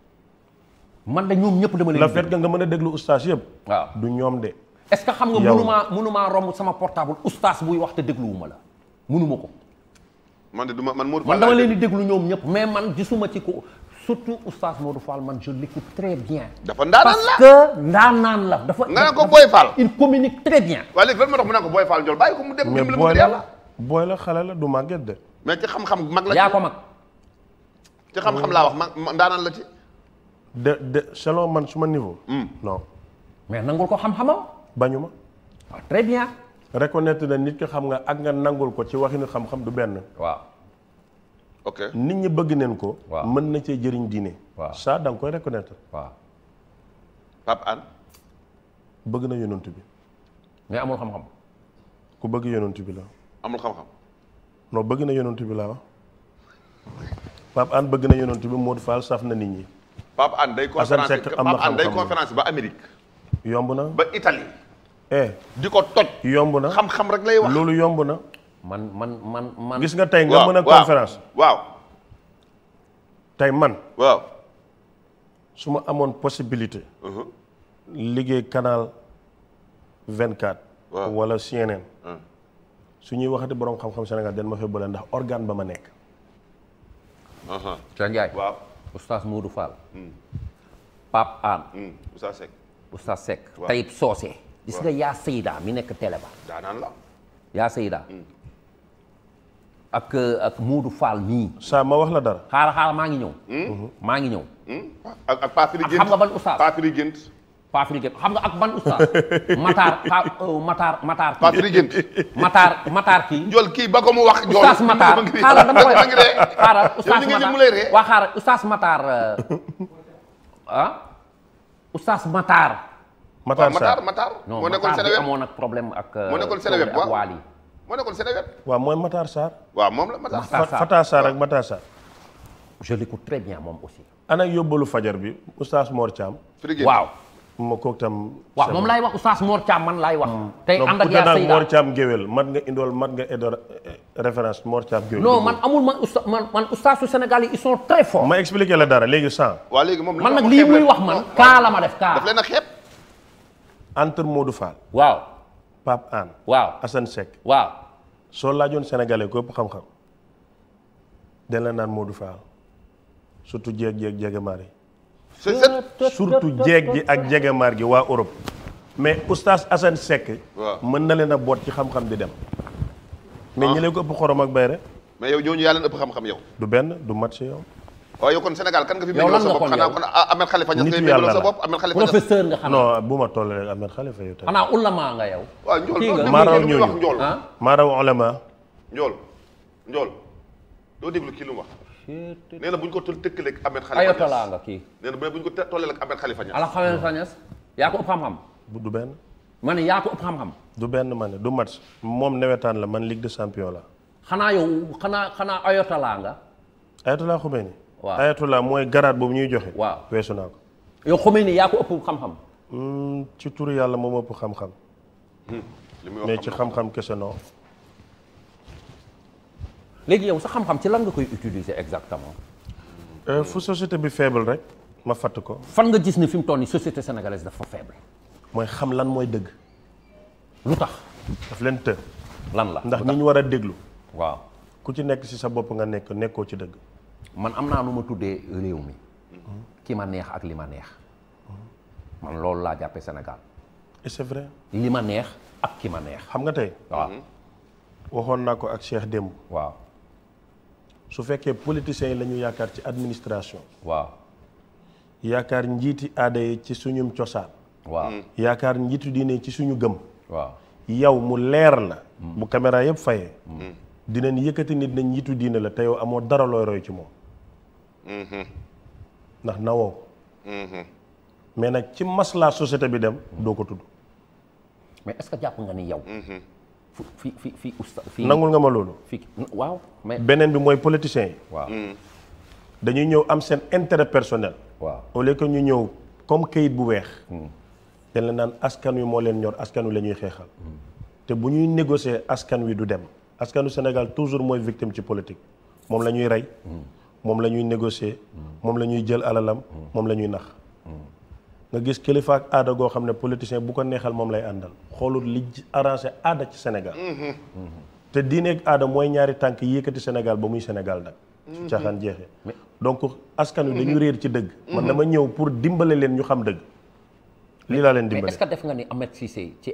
man de ñoom ñëpp dama leen. la fait que nga mën a déglu oustaz yëpp. waaw du ñoom de. est-ce que xam nga mënumaa mënumaa romb sama portable oustaz buy wax te dégluwuma la mënuma ko. man de duma man man dama leen di déglu ñoom ñëpp mais man gisuma ci ko surtout oustaz Modou Fall man je l'écoute très bien. dafa ndaanaan la la. dafa nga naan ko Boy Fall. il communique très bien. waaye léegi lan moo tax mu naan ko Boy Fall jol bàyyi ko mu dem. dimbali mu yàlla booy la du màgget de. mais ci xam-xam mag la. yaa ko mag. ci xam-xam laa wax ma ndaanaan la ci. de de selon man suma niveau. Hmm. non. mais nangul ko xam-xamam. bañu ma. Ah, bien. reconnaître na nit ki xam nga ak nga nangul ko ci waxinu xam-xam du benn. waaw. ok nit ñi bëgg neen ko. waaw mën na cee jëriñ diine. waaw ça da nga koy reconnaître. Pape Hann. bëgg na yonent bi. mais amul xam ku bëgg yonent bi la. amul xam-xam. non bëgg na yonent bi laa wax. Pape Hann bëgg na yonent bi Modou Fall saf na nit ñi. Pape Hann day conférence ba Amérique. yomb na ba Italie. eh di ko toj. yomb na xam-xam rek lay wax loolu yomb na. man man man man. gis nga tey nga mën a. conférence waaw tey man. waaw. su ma amoon possibilité. Uh-huh. liggéey canal 24. waaw wala CNN. Uh-huh. su ñuy waxati borom xam-xam Sénégal den ma fee bële ndax organe ba ma nekk. Uh-huh. Cheikh Ndiaye. waaw oustaz Modou Fall. Hmm. Pape Anne. Hmm. oustaz Seck. oustaz Seck. Tayib Socé. gis nga mi nekk télé ba. daanaan la. yaa Seyda. Hmm. ak euh, ak Moodu Fall mii. saa ma wax la dara. xaaral xaaral maa ngi ñëw. Hmm? maa ngi ñëw. Hmm? ak ak Paafiri Gént xam nga ban oustaz Paafiri Gént. Paafiri Gént xam nga ak ban oustaz. Euh, Matar Matar Matar. Paafiri wax. Njool oustaz Matar xaaral dama koy waa xaaral oustaz Matar euh, ah? moo nekkoon Seneweb ak problème ak. moo moo nekkoon Sénégal. waaw mooy Matar Sarr. waaw moom la Matar Sarr Fatar Sarr ak Matar Sarr. je l'écoute très bien moom aussi. ana yóbbalu fajar bi oustaz Mor Thiam. waaw. ma kooku tam. waaw moom laay wax oustaz Mor Thiam man laay wax. Hmm. tey ànd ak yaa Seyda Mor Thiam géwél mat nga indool mat nga indool eh, référence Mor Thiam géwél. non amul ma oustaz man man oustaasu Sénégal yi ils sont très forts. ma expliqué la dara léegi sans. waaw léegi moom man nag lii muy wax man kaa la ma def kaa. daf leen a xeeb. entre Modou Pape Hann. waaw assan Seck. waaw soo laajoon sénégalais ko ëpp xam-xam dañ la naan Modou Fall surtout jeeg jeeg jegemaar yi. surtout jeeg ji ak jegemaar gi waa Europe. mais oustaz Assane Seck. mën na leen a boot ci xam-xam di dem. mais ñi ah. leen ko ëpp xorom ak bay rek mais yow ñooñu yaa leen ëpp xam-xam yow. du benn du match yow. waaw kon Sénégal kan nga fi méngaloo sa bopp xanaa kon Ahmed Khalifa Niass ngay méngaloo sa bopp bu ma toll rek Ahmed ah? ñu ko tol tëkkaleeg Ahmed Khalifa Niass ayatollah nga kii nee na bu ñu hmm. yaa ko ëpp xam-xam du benn ma du benn ma moom nawetaan la man Ligue des champions la xanaa yow xanaa xanaa nga ayatollah xumee ni waaw ayatullah mooy garaat boobu ñuy joxe. waaw weesu naa ko. yow xumee ni yaa ko ëpp xam-xam. Hmm, ci turu yàlla moom ëpp xam-xam. Hmm. mais ci xam-xam kese non. léegi yow sa xam-xam ci lan nga koy utiliser exactement. Euh, fu société bi faible rek ma fatt ko. fan nga gis ni fi mu toll nii société sénégalaise dafa faible. mooy xam lan mooy dëgg. lu tax. daf leen të. lan la ndax ñi ñu war a déglu. waaw ku ci nekk ci sa bopp nga nekk nekkoo ci dëgg. man am naa lu ma tuddee réew mi ki ma neex ak li ma neex man loolu laa jàppee Sénégal et c'est vrai li ma neex ak ki ma neex xam nga tey waaw waxoon naa ko ak Cheikh démb waaw su fekkee politiciens yi lañu yaakaar ci administration waaw yaakaar njiiti aada yi ci suñum cosaan waaw yaakaar njiitu diine ci suñu gëm waaw yow mu leer la mm. bu caméra yëpp fayee mm. dinañ yëkkati nit nañ yitu diine la te yow amoo dara looy roy ci moom. Mm-hmm. ndax nawoo mm-hmm. mais nag ci maslaa société bi dem doo ko tudd. mais est-ce que jàpp nga ni yow. Mm-hmm. fi fi fi fi nangul nga ma loolu. fi waaw mais. beneen bi mooy politiciens yi. waaw dañuy ñëw am seen intérêt personnel. waaw au lieu que ñu ñëw comme kayit bu weex. dañ la naan askan wi moo leen ñor askan wi la ñuy xeexal. te bu ñuy négocier askan wi du dem. askanu Sénégal toujours mooy victime ci politique moom la ñuy rey moom la ñuy négocier moom la ñuy jël alalam moom la ñuy nax nga gis kilifa aada goo xam ne politicien bu ko neexal moom lay àndal xoolul li arrangé aada ci Sénégal te diine ak aada mooy ñaari tànk yëkkati Sénégal ba muy Sénégal nag su caaxaan jeexee donc askan wi mhm. dañu réer ci dëgg mhm. man dama ñëw pour dimbale leen ñu xam dëgg lii laa leen dimbale mais que def nga ni Ahmed ci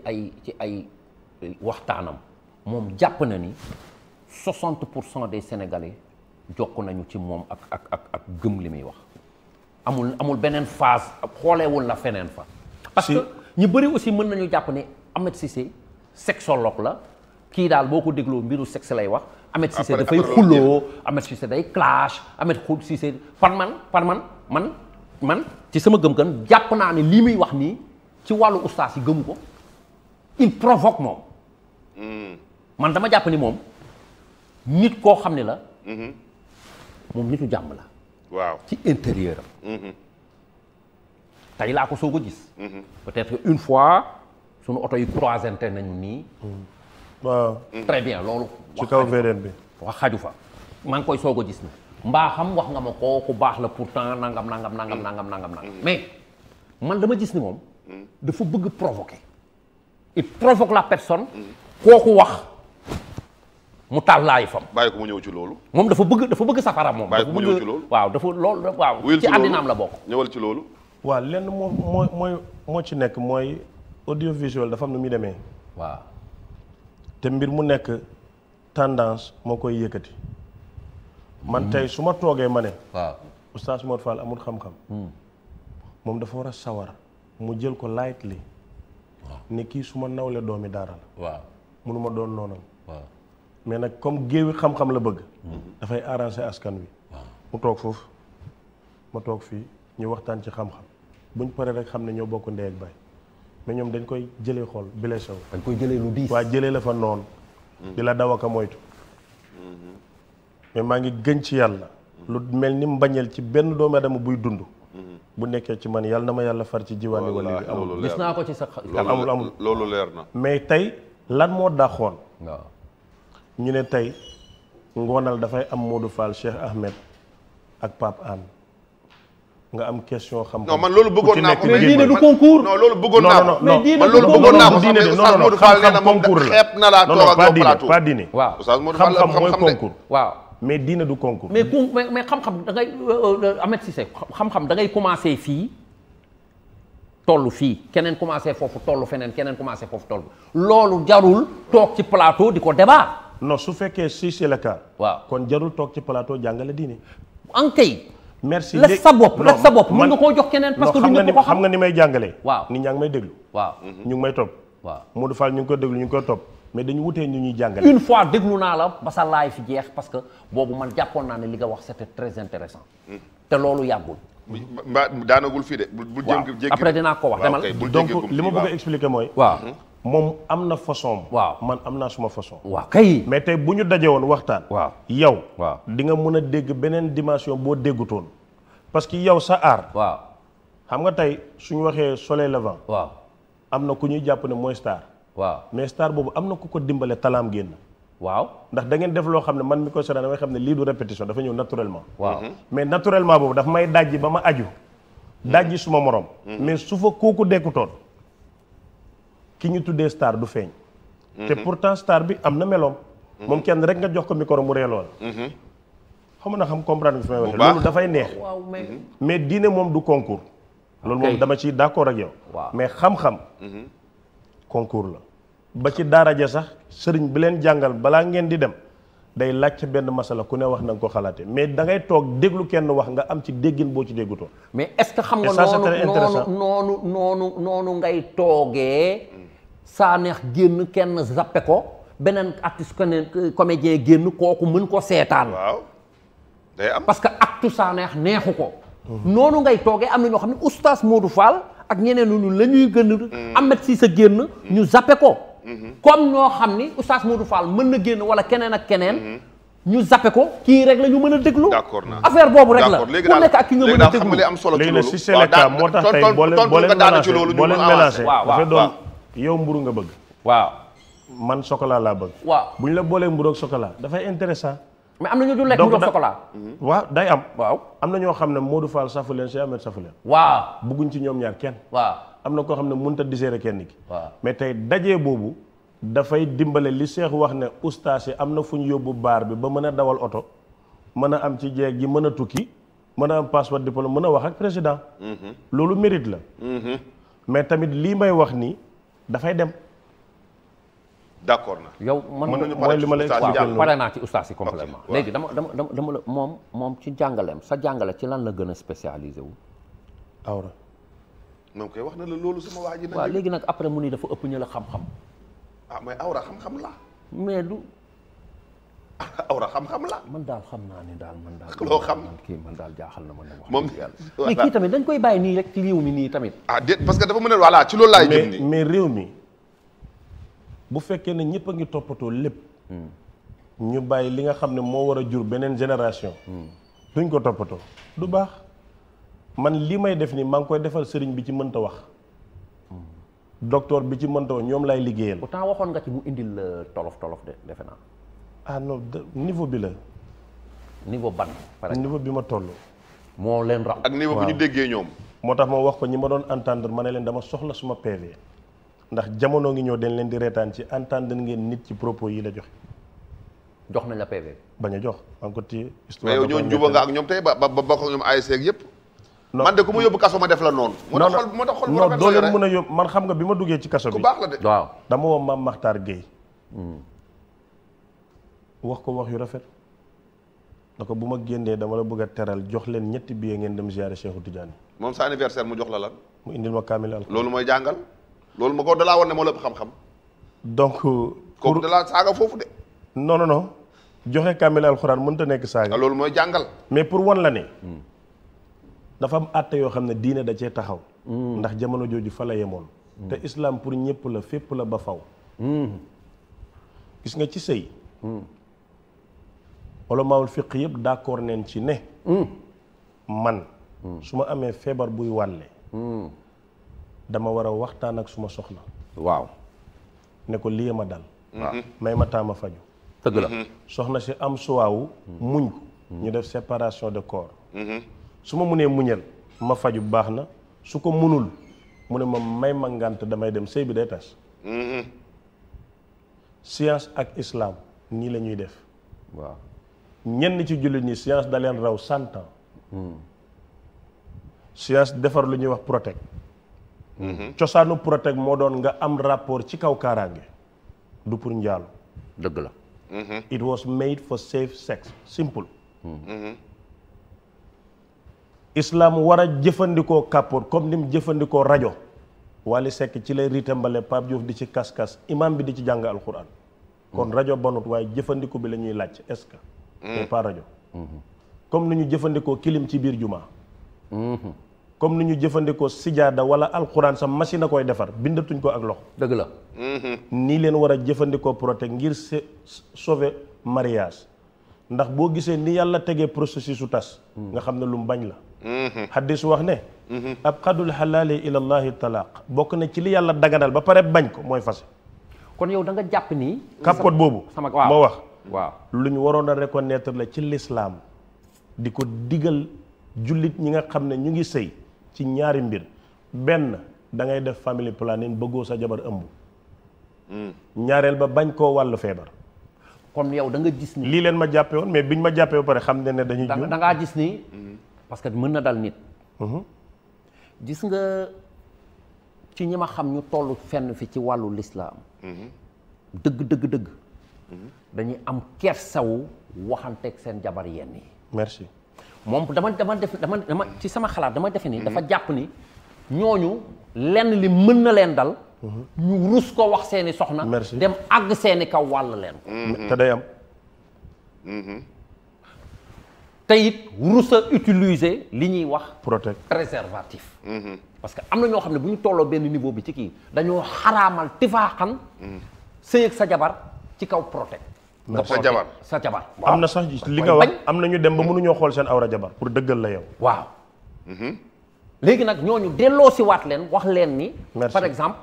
ay ci ay waxtaanam moom jàpp na ni 60 pour cent des sénégalais jokk nañu ci moom ak ak ak ak gëm li muy wax amul amul beneen phase xooleewul la feneen fa. parce que ñu bëri aussi mën nañu jàpp ne Ahmed Cissé sexologue la kii daal boo ko dégloo mbiru sexe lay wax. Ahmed Cissé dafay xulloo Ahmed Cissé day clash Ahmed Cissé par man par man man man ci sama gëm-gëm jàpp naa ni lii muy wax nii ci wàllu ustaas yi gëmu ko il provoque moom. Hmm. man dama jàpp ni moom nit koo xam ne la. Mhm. moom nitu jàmm la. waaw ci intérieur am. Mhm. tey laa ko soog a gis. Mhm. peut-être une fois sunu oto yi croisé nañu nii. waaw très bien loolu. ci kaw bi wax xaju fa. maa ngi koy soog a gis na mbaa xam wax nga ma kooku baax la pourtant nangam nangam nangam nangam nangam nangam. mais man dama gis ni moom. dafa bëgg provoquer. il provoque la personne. kooku wax. mu taal laay fam bàyyi ko mu ñëw ci loolu moom dafa bëgg dafa bëgg safara moom dafa bëgg ci loolu waaw dafa loolu waaw ci àddinaam la bokk ñëwal ci loolu waaw lenn moo moo mooy moo ci nekk mooy audiovisuel dafa am nu muy demee waaw te mbir mu nekk tendance moo koy yëkkati man hmm. tey su ma toogee ma ne waaw oustaz Mor amul xam-xam hmm. moom dafa war a sawar mu jël ko light li ne kii su ma nawle doomi daara la waaw mënuma doon noonam mais nag comme géewi xam-xam la bëgg. dafay arranger askan wi. mu toog foofu ma toog fii ñu waxtaan ci xam-xam buñ paree rek xam ne ñoo bokk ndey ak baay mais ñoom dañ koy jëlee xool bile sow. dañ koy jëlee lu diis. waa jëlee la noonu. Mm-hmm. di la daw ak a mm-hmm. maa ngi gën ci yàlla. lu mel ni mbañeel ci benn doomee dama buy dund. Mm-hmm. bu nekkee ci man yàlla na ma yàlla far ci jiwaani wala amul gis naa ko ci sa amul amul loolu leer na mais tey lan moo dàqoon. waaw ñu ne tey ngoonal dafay am Modou Fall Cheikh Ahmed ak Pape Anne nga am question xam. non man loolu bëggoon naa bëggoon naa ko mais diine du concours diine de non non non xam la xeeb na laa toog ak yow plateau pas diine waaw xam mooy concours. mais diina du concours. mais xam-xam dangay ngay euh, euh, Ahmed Cissé xam-xam da ngay commencé fii toll fii keneen commencé foofu toll feneen keneen commencé foofu toll loolu jarul toog ci plateau di ko débat. non su fekkee si c'est le cas. waaw kon jarul toog ci plateau jàngale diine. en kay. merci la sa bopp la sa bopp mën nga koo jox keneen. parce que du nga ko xam nga ni may jàngale waaw nit ñaa ngi may déglu. waaw mm-hmm. ñu ngi may topp. waaw Modou Fall ñu ngi koy déglu ñu ngi koy topp. mais dañu wutee ñu ñuy jàngale. une fois déglu naa la ba sa laay fi jeex parce que boobu man jàppoon naa ne li nga wax c'était très intéressant mm-hmm. te loolu yàggul. Mm-hmm. mbaa daanagul fii de. bul jékki après dinaa ko wax demal donc li ma bëgg a expliquer mooy. waaw moom am na façon waaw man am naa suma façon waaw kay mais tey bu ñu dajee woon waxtaan waaw yow waaw di nga mën a dégg beneen dimension boo déggutoon parce que yow sa aar waaw xam nga tey suñu waxee soleil levant waaw am na ku ñuy jàpp ne mooy star waaw mais star boobu am na ku ko dimbale talaam génn waaw ndax da ngeen def loo xam ne man mi koy seetaan damay xam ne lii du répétition dafa ñëw naturellement waaw mm-hmm. mais naturellement boobu dafa may dajji ba ma aju dajji suma morom mm-hmm. mais su kooku dekkutoon ki ñu tuddee star du feeñ. Mhm. te pourtant star bi am na meloom. Mhm. moom kenn rek nga jox ko micro mu reeloo la. Mhm. xam na xam comprendre nga fi may waxee loolu dafay neex. mais diine moom du concours. loolu moom dama ci d'accord ak yow. mais xam-xam. concours la. ba ci daara ja sax sëriñ bi leen jàngal balaa ngeen di dem day laajte benn masala ku ne wax na nga ko xalaate mais da ngay toog déglu kenn wax nga am ci déggin boo ci déggutoo. mais est-ce que xam nga noonu noonu noonu noonu ngay toogee. Mm. saa neex génn kenn zappe ko beneen artiste keneen comédien génn kooku mën ko seetaan. waaw parce que actu saa neex neexu ko. noonu ngay toogee am na ñoo xam ne oustaz Modou Fall ak ñeneen ñooñu la ñuy gën am mm. amet si sa génn mm. ñu zappe ko. Mm-hmm. comme ñoo xam ni oustaz Modou Fall mën na génn wala keneen ak keneen. Mm-hmm. ñu zappe ko kii rek la ñu mën a déglu. d'accord naa affaire boobu rek la. ku nekk ak ki nga mën a déglu léegi daal am solo ci si c'est le moo tax tey boo leen boo leen mélangé boo leen yow mburu nga bëgg. waaw. man chocolat laa bëgg. bu ñu la boolee mburu ak chocolat dafay intéressant mais am na ñu dul lekk mburu ak chocolat. Mhm. waaw day am. waaw am na ñoo xam ne Modou Fall safu leen Cheikh Ahmed safu leen. waaw bëgguñ ci ñoom ñaar kenn. waaw am na koo xam ne mënut a diseere kenn ki. waaw mais tey dajee boobu. dafay dimbale li Cheikh wax ne ustaas yi am na fu ñu yóbbu baar bi ba mën a dawal oto mën a am ci jeeg ji mën a tukki mën a am passeport diplôme mën a wax ak président. Mhm. loolu mérite la. Mhm. mais tamit lii may wax nii. dafay dem. d' accord na yow man mooy li ma lay waaw pare naa ci ustaas yi ma léegi dama dama dama dama la moom moom ci jàngaleem sa jàngale ci lan la gën a wu awra moom koy wax na la loolu sama waa ji waaw léegi nag après mu ni dafa ëpp ñu la xam-xam ah mais awra xam-xam la mais du awra xam-xam la. man daal xam naa ni daal man daal. loo xam kii man daal jaaxal na ma ne wax. moom mais kii tamit dañ koy bàyyi nii rek ci réew mi nii tamit. Ah, parce que dafa mën a voilà ci loolu laay mais réew mi bu fekkee ne ñëpp a ngi toppatoo lépp. Hmm. ñu bàyyi li nga xam ne moo war a jur beneen génération. Hmm. duñ ko toppatoo du baax. man lii may def nii maa ngi koy defal sëriñ bi ci mënta wax. Hmm. docteur bi ci mënta wax ñoom lay liggéeyal. taa waxoon nga ci mu indil tolof tolof de defe naa. ah non niveau bi la. niveau ban. par niveau bi ma toll. moo leen raw. ak niveau bu ñu déggee ñoom. moo tax ma wax ko ñi ma doon entendre ma ne leen dama soxla suma PV ndax jamono ngi ñëw dañ leen di reetaan ci entender ngeen nit ci propos yi la joxe. jox nañ la PV. bañ a jox maa ngi ko téye. yow ñooñu juba nga ak ñoom tey ba ba bokk ak ñoom ASC ak e yëpp. man de ku ma yóbbu kaso ma def la noonu. moo tax xol moo tax xol non doo mën a yóbbu man xam nga bi ma duggee ci kaso bi. ku baax la de dama woo Mame Makhtar Gueye hmm. wax ko wax yu rafet na ko bu ma génnee dama la bëgg teral jox leen ñetti billet ngeen dem ziare Cheikhu Tidiane. moom sa anniversaire mu jox la lan. mu indil ma kaamil al. loolu mooy jàngal loolu ma ko dalaa woon ne moo la ëpp xam-xam. donc. Euh, kooku dalaa foofu de. non non joxe kaamil alxuraan a nekk saaga. loolu mooy jàngal. mais pour wan la ne. Hmm. dafa am àtte yoo xam ne diine da cee taxaw. Hmm. ndax jamono jooju fa la yemoon. Hmm. te islam pour ñëpp la fépp la ba faw. gis nga ci sëy. ulamaawul fiq yëpp d'accord neen ci ne hmm. man hmm. su ma amee feebar buy wàlle hmm. dama war a waxtaan ak suma soxna waaw ne ko lii ma dal may ma taama faju dëgg la soxna si am suwaawu muñ ko ñu def separation de corps su ma munee muñal ma faju baax na su ko mënul mu ne ma may ma ngànt damay dem sëy bi day tas science ak islaam nii la ñuy def ñenn ci jullit ñi science da leen raw santa ans defar lu ñuy wax protect mhm. cosaanu protect moo doon nga am rapport ci kaw kaaraange du pour njaalu dëgg la mhm. it was made for safe sex mhm. war a jëfandikoo kàppoor comme ni mu jëfandikoo rajo Wally sekk ci lay ritambale Pape Diouf di ci kas-kas imam bi di ci jàng alquran kon rajo banut waaye jëfandiku bi la ñuy laaj est Mm-hmm. mais mm-hmm. comme ni ñu jëfandikoo kilim ci biir jumaa mm-hmm. comme ni ñu jëfandikoo sijaada wala alxuraan sa machine a koy defar bindatuñ ko ak loxo. dëgg la. nii leen war a jëfandikoo protège ngir sove mariage ndax boo gisee ni yàlla tegee processus su tas. nga xam ne lu bañ la. xaddis wax ne. ab xadul xalaali ilallahi talaaq bokk na ci li yàlla daganal ba pare bañ ko mooy fase kon yow da nga jàpp ni. kàppoot boobu. sama wax. waaw lu ñu waroon a reconnaître la ci lislaam di ko digal jullit ñi nga xam ne ñu ngi sëy ci ñaari mbir benn dangay def family planning bëggoo sa jabar ëmb hmm. ñaareel ba bañ koo wàll feebar kon yow da nga gis ni lii leen ma jàppe woon mais biñ ma jàppee ba pare xam ne ne dañuy da dangaa gis ni hmm. parce que mën na dal nit mhm. gis nga ci ñi ma xam ñu toll fenn fi ci wàllu lislaam hmm. dëgg dëgg dëgg dañuy am kersawu waxanteeg seen jabar yenn yi. merci moom dama dama def dama dama ci sama xalaat dama defe ni. Mhm. dafa jàpp ni ñooñu lenn li mën na leen dal. Mhm. ñu rus ko wax seeni soxna. dem àgg seeni kaw wàll leen. Mhm. te day am. te it rus a utiliser li ñuy wax. protect préservatif. parce que am na ñoo xam ne bu ñu tolloo benn niveau bi ci kii dañoo xaraamal tifaaxan. sëy ak sa jabar ci kaw protect. ndax sa jabar sa jabar am na sax li nga wax am na ñu dem ba mënuñoo xool seen awra jabar pour dëggal la yow waaw mhm. léegi nag ñooñu delloo si waat leen wax leen ni par exemple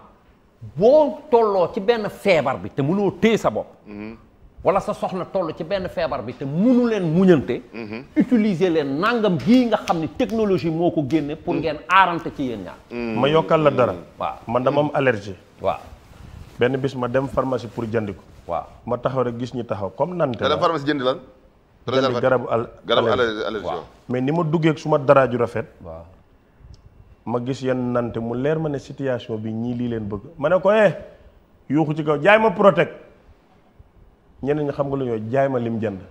boo tolloo ci benn feebar bi te mënoo téye sa bopp mhm. wala sa soxna toll ci benn feebar bi te mënu leen muñante mhm. utiliser leen nàngam gii nga xam ni technologie moo ko génne pour ngeen aarante ci yéen ñaar ma yokkal la dara waaw man dama am allergie waaw benn bis ma dem pharmacie pour jënd ko. waaw ma taxaw rek gis ñu taxaw comme nante la. jënd lan. jënd garabu al garabu mais ni ma duggee suma su ju rafet. waaw ma gis yenn nante mu leer ma ne situation bi ñii lii leen bëgg ma ne ko eh yuuxu ci kaw jaay ma protect ñeneen ñi xam nga lu ñoo jaay ma lim jënd.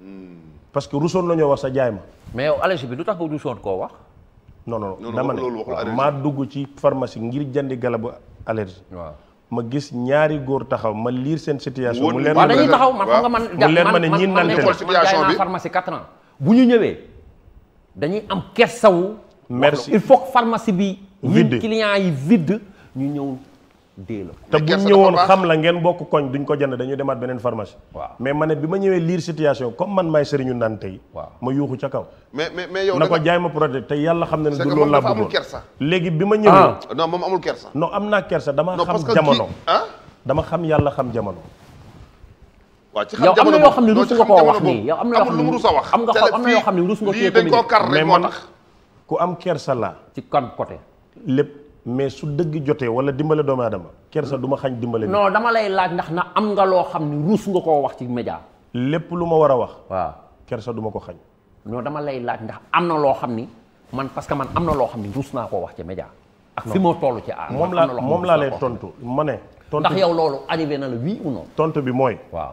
Hmm. parce que rusoon nañoo wax sa jaay ma. mais yow allergie bi lu tax nga rusoon koo wax. non non dama ne maa dugg ci pharmacie ngir jëndi garabu. allergie. waaw ma gis ñaari góor taxaw ma liir seen situation. mu leen dañuy taxaw man xam nga man. mu leen ma ne ñii nante man jaay naa pharmacie 4 ans. bu ñu ñëwee dañuy am kersawu. merci il faut que pharmacie bi. vide ñun clients yi vide ñu ñëw. dee la te bu ñëwoon xam la ngeen bokk koñ duñ ko jënd dañuy demaat beneen pharmacie waaw mais ma ne bi ma ñëwee liir situation comme man maay sëriñu naan tey waaw ma yuuxu ca kaw na ko jaay ma projet te yàlla xam na ne du loolu laa bëggoon léegi bi ma ñëwee ah, non moom amul kersa non am naa kersa dama xam jamono ah? dama xam yàlla xam jamono waaw ci xam jamono yow am na yoo xam ne rus nga koo wax nii yow am na yoo xam ne rus nga xam am na yoo xam ne rus nga koo mais man ku am kersa laa ci kan côté lépp mais su dëgg jotee wala dimbale doomu aadama kersa duma xañ dimbale. non dama lay laaj ndax na am nga loo xam ni ruus nga koo wax ci média. lépp lu ma war a wax. waaw kersa du ko xañ. non dama lay laaj ndax am na loo xam ni man parce que man am na loo xam ni ruus naa koo wax ci média. ak fi ma toll ci aar. moom laa moom laa lay tontu ma ne. tontu ndax yow loolu arrivé na la oui bi mooy waaw.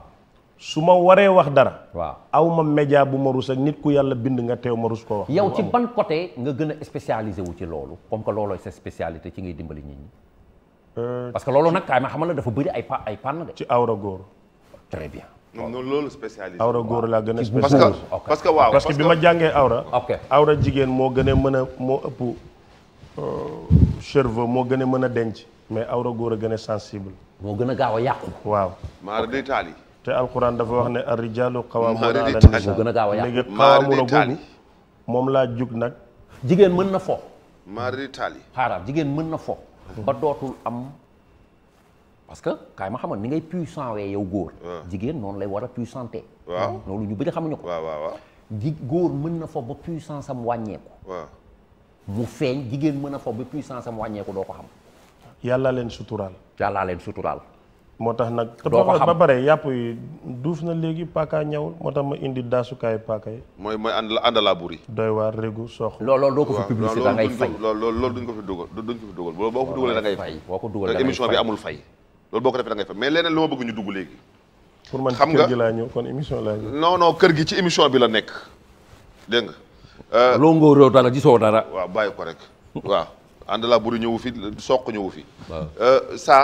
su ma waree wax dara. waaw aw ma média bu ma rus ak nit ku yàlla bind nga teew ma rus ko wax. yow ci ban côté nga gën a spécialisé wu ci loolu comme que looloo sa spécialité ci ngay dimbali nit ñi. Euh, parce que loolu nag kaay ma xamal la dafa bëri ay pa ay panne de. ci awra góor. très bien. non loolu spécialisé. awra góor laa gën a spécialisé parce que parce que waaw parce que bi ma jàngee awra. jigéen moo gën a mën a moo ëpp euh, cerveau moo gën a mën a denc mais awra góor a gën a sensible. moo gën a gaaw a yàqu. waaw. te alquran dafa wax ne arrijalu qawwamuna ala gën a gaaw a yàq léegi qawwamuna moom laa jug nag jigéen mën na fo maari taali xaaral jigéen mën na fo ba dootul am parce que kaay ma xamal ni ngay puissant wee yow góor jigéen noonu lay war a puissanté waaw loolu ñu bëri xamuñu ko waaw waaw góor mën na fo ba puissance sam wàññeeku mu feeñ jigéen mën na fo ba puissance am wàññeeku doo ko xam yàlla leen suturaal yàlla leen suturaal moo tax nag te ba pare yàpp yi duuf na léegi paaka ñawul moo tax ma indi daasukaayu paaka yi mooy mooy ànd àndalaa bur yi doy waar régu sox loolu loolu doo ko fi publicité da ngay fay loolu loolu duñ ko fi dugal duñ ko fi dugal loolu boo ko dugalee defee da fay mais leneen lu ma bëgg ñu dugg léegi pour man xam nga kër gi laa ñëw kon émission laa ñëw non non kër gi ci émission bi la nekk dégg nga euh, loo ngoo réew dara gisoo dara waaw bàyyi ko rek waaw àndalaa bur yi ñëwu fi soq ñëwu fi euh, ça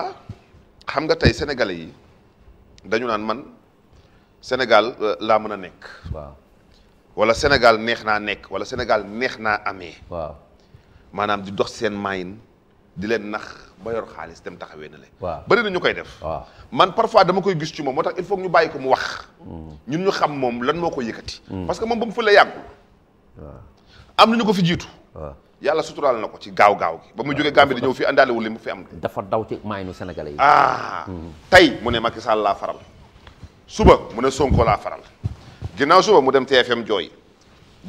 xam nga tey sénégalais yi dañu naan man Sénégal euh, laa mën a nekk. waaw wala Sénégal neex naa nekk wala Sénégal neex naa amee. waaw maanaam di dox seen maayin di leen nax ba yor xaalis dem taxawee na leen. waaw bëri na ñu koy def. man parfois dama koy gis ci moom moo tax il faut ñu bàyyi ko mu wax. Mm. ñun ñu xam moom lan moo ko yëkkati. Mm. parce que moom ba mu fële yàggul. am na ñu ko fi jiitu. yàlla suturaal na ko ci gaaw gaaw ba mu ah, jógee Gambie di fi àndaale wu mu fi am. dafa daw ci maaynu sénégalais yi. Ah, mhm. tey mu ne Macky Sall laa faral suba mu ne Sonko laa faral ginnaaw suba mu dem TFM jooy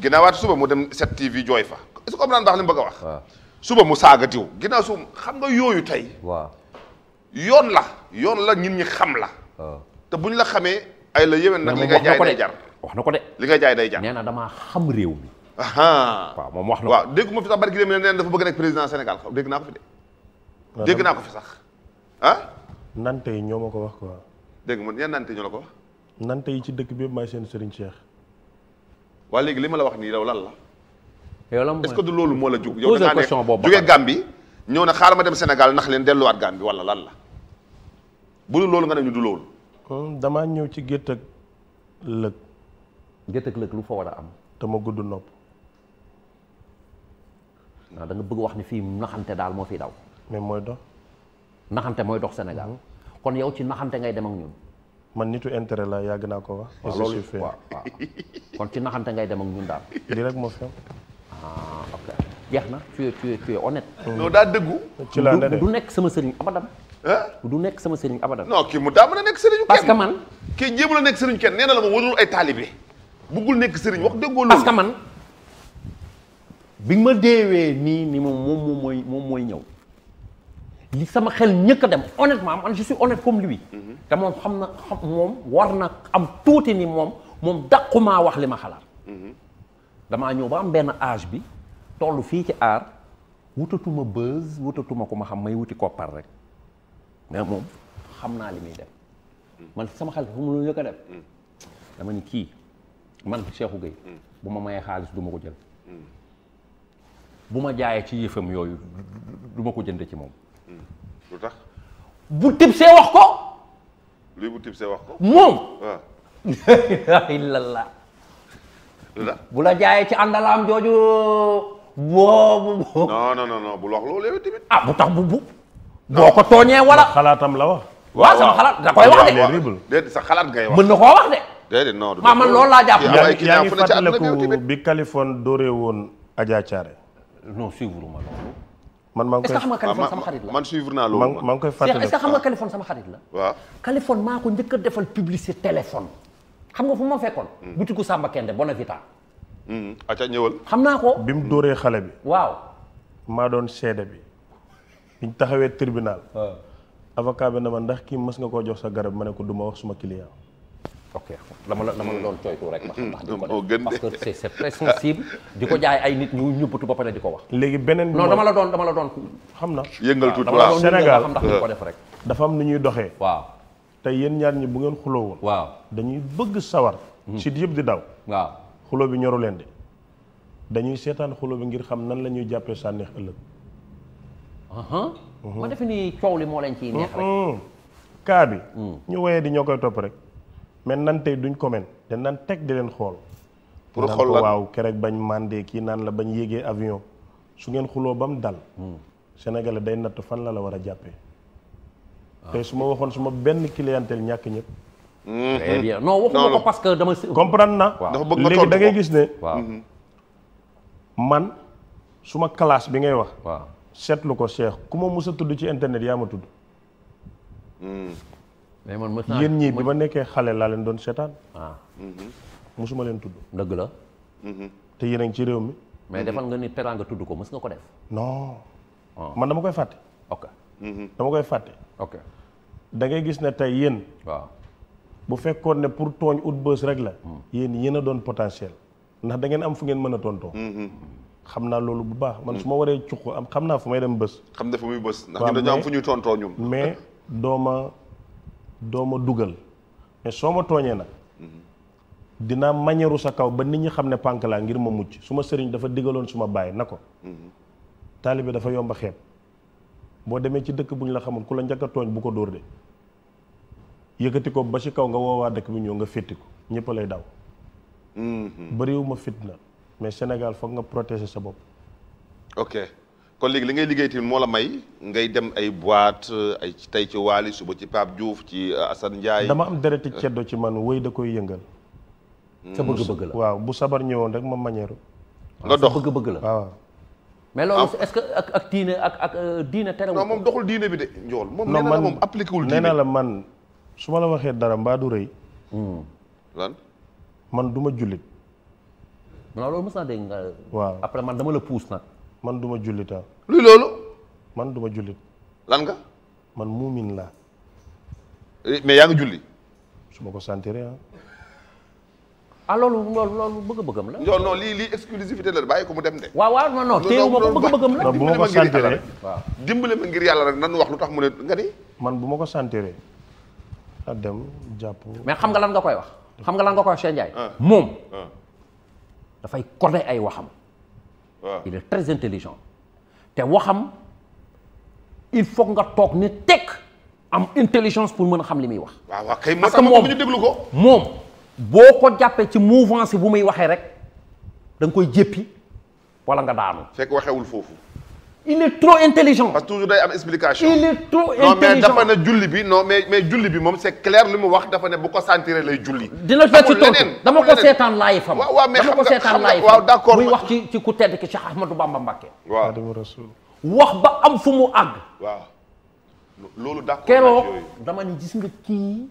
ginnaawaat suba mu dem 7TV jooy fa est-ce que am naan baax li mu bëgg a wax. Ah. suba mu saaga diw ginnaaw suba xam nga yooyu tey. waaw yoon la yoon la ñun ñi xam la. te buñ la xamee ay la yéwén nag li ngay jaay day jar wax na ko de. li ngay jaay day jar na damaa xam réew waaw moom wax na waaw dégg ma fi sax barki dem ne dafa bëgg nekk président Sénégal dégg naa ko de dégg naa ko fi sax ah nante yi ñoo ma ko wax ma nante ñoo la ko wax yi ci dëkk bi yëpp seen Serigne Cheikh waa léegi li ma la wax nii yow lan la yow lan est-ce du loolu moo la jug yow da question boobu jógee Gambie ñëw na xaaral ma dem Sénégal nax leen delluwaat Gambie wala lan la bu dul loolu nga ne ñu du loolu damaa ñëw ci gétt ak lëg gétt ak lëg lu fa war a am te ma gudd nopp non da nga bëgg wax ni fii naxante daal moo fi daw. mais mooy dox. naxante mooy dox Sénégal. Mhm. kon yow ci naxante ngay dem ak ñun. man nitu intérêt la yàgg naa ko wax. waaw loolu waaw kon ci naxante ngay dem ak ñun daal. lii rek moo fi am. ah na tu es tu es tu es mhm. ci laa du nekk sama sëriñ abadan. du nekk sama sëriñ abadan. non kii mu daa mën a nekk sëriñu kenn. parce que man. kii jéem la nekk sëriñ kenn nee na la ma warul ay taalibe buggul nekk sëriñ wax dëggoo loolu. parce que man. bi ma deewee nii ni moom moom moom mooy moom mooy ñëw li sama xel ñëkk a dem honnêtement man je suis honnête comme lui. Mm-hmm. te moom xam na xam moom war na am tuuti ni moom moom dàqumaa wax li ma xalaat. Mm-hmm. damaa ñëw ba am benn âge bi toll fii ci aar wutatuma buzz wutatuma ku ma xam may wuti koppar rek mais moom xam naa li muy dem mm. man sama xel fu mu ñëkk dem. Mm. dama ni kii man Cheikhou Gueye mm. bu ma mayee xaalis du ma ko jël. bu ma jaayee ci yëfam yooyu du ko jënd ci moom. Hmm. lu bu tibsee wax ko. luy bu tibsee wax ko. moom. waaw. Ah. bu la jaayee ci àndalaam jooju boobu. non non non bu wax loolu yow tamit. ah bu tax bu bu. boo ko tooñee wala. xalaatam la wax. waaw sama xalaat da koy wax de. mën na koo wax de. déedéet non du ma man loolu laa jàpp. yaa ngi fàttaliku bi Kaliphone dóoree woon Adja Thiaré. non suivre ma man maa ngi koy est-ce ah, man suivre naa loolu. maa ngi koy fàttali est-ce que xam nga Kaliphone sama xarit la. waaw Kaliphone maa ko njëkk defal publicité téléphone. xam nga fu ma fekkoon. Hmm. butiku Samba Kende Bonavita. Hmm. acca ñëwal. xam naa ko. bi mu dóoree xale bi. waaw. maa doon seede bi. biñ taxawee tribunal. Ah. avocat bi na ma ndax kii mës nga koo jox sa garab ma ne ko du ma wax suma client. ok dama la dama la doon cooytu rek. ba xam ndax parce que c'est c'est très sensible. di ko jaay ay nit ñu ñubbatu ba pare di ko wax. léegi beneen bi non dama la doon la doon xam na. yëngal tuuti waaw Sénégal ndax ñu ko def rek. dafa am nu ñuy doxee. waaw te yéen ñaar ñi bu ngeen xulo woon. waaw dañuy bëgg sawar. Hmm. si yëpp di daw. waaw xuloo bi ñoru leen de. dañuy seetaan xuloo bi ngir xam nan la ñuy jàppee sànneex ëllëg. ma hmm. defe ni coow li moo hmm. kaa bi. ñu woyee di ñoo koy topp rek mais duñ ko men te teg di leen xool. pour xool lan waaw keroog bañ mandé kii naan la bañ yéegee avion su ngeen xuloo ba mu dal. Hmm. Sénégalais day natt fan la la war a jàppee. Ah. tey su ma waxoon suma benn clientèle ñàkk ñëpp. Hmm. très que dama. comprendre na léegi da ngay gis ne. Hmm. man suma classe bi ngay wax. waaw seetlu ko Cheikh ku ma mus tudd ci internet yaa ma tudd. mais man mës naa yéen ñii bi ma nekkee xale laa leen doon seetaan. waaw. Ah. mosuma mm-hmm. leen tudd. dëgg la. Mm-hmm. te yéen ci réew mi. mais defal nga ni teraanga tudd ko mës nga ko def. non. Ah. man dama koy fàtte. ok. Mm-hmm. dama koy fàtte. ok da ngay gis ne tey yéen. waaw bu fekkoon ne pour tooñ ut bës rek la. Mm. yéen yéen a doon potentiel. ndax da ngeen am fu ngeen mën a tontoo. xam naa loolu bu baax. man mm. su ma waree cuq am xam naa fu may dem bës. xam na fu muy bës ndax ñun dañoo am fu ñuy tontoo ñun. mais dooma doo ma dugal mais soo ma tooñee nag dinaa mañeeru sa kaw ba nit ñi xam ne pànk laa ngir ma mucc su ma sëriñ dafa digaloon suma bàyyi na ko taalibe dafa yomba xeeb boo demee ci dëkk bu ñu la xamul ku la njëkk tooñ bu ko dóor de yëkkati ko ba ci kaw nga woowaa dëkk bi ñëw nga fétti ko ñëpp lay daw mm-hmm. bëriwuma fitna mais Sénégal foog nga protéger sa bopp kon léegi li ngay liggéey tamit moo la may ngay dem ay boîte ay tey ci Waly suba ci Pape Diouf ci euh, Assane Ndiaye. dama am dereti ceddo ci man wéy da koy yëngal. sa bëgg-bëgg la waaw bu sabar ñëwoon rek ma mañeeru. nga dox sa bëgg la mais loolu ce que ak ak diine ak ak euh, diine terewul. moom doxul diine bi de njool. moom nee na la moom wul diine nee na man su ma la waxee dara mbaa du rëy. Hmm. lan. man duma ma jullit. non waaw après man dama la puus na man duma jullit ah. luy loolu. man duma jullit. lan nga. man muumin laa. mais yaa ngi julli. su ma ko sentiree ah. ah loolu loolu loolu bëgg-bëggam la. non non lii lii exclusivité la bàyyi ko mu dem de. waaw waaw ma ko waaw dimbale ma ngir yàlla rek nan wax lu tax mu ne nga ni. man bu ma ko sentiree. a dem jàpp. mais xam nga lan nga koy wax. xam nga lan nga koy wax Cheikh Ndiaye. Ah. moom. Ah. dafay corné ay waxam. il est très intelligent te waxam il foog nga toog ni tekk am intelligence pour mën a xam li muy wax. waaw waaw kay parce que moom déglu ko. moom boo ko jàppee ci mouvance bu muy waxee rek da koy jëppi wala nga daanu. fekk waxewul foofu. il est trop intelligent. parce que toujours day am explication. il est trop intelligent non mais dafa ne julli bi non mais julli bi moom c' est clair li mu wax dafa ne bu ko sentir lay julli. dina fekk ci tontu dama ko seetaan laay fam. waaw waaw mais xam muy wax ci ci ku tedd ki Cheikh Ahmadou Bamba Mbacké. waaw wax ba am fu mu àgg. waaw loolu d' accord keroog dama ni gis nga kii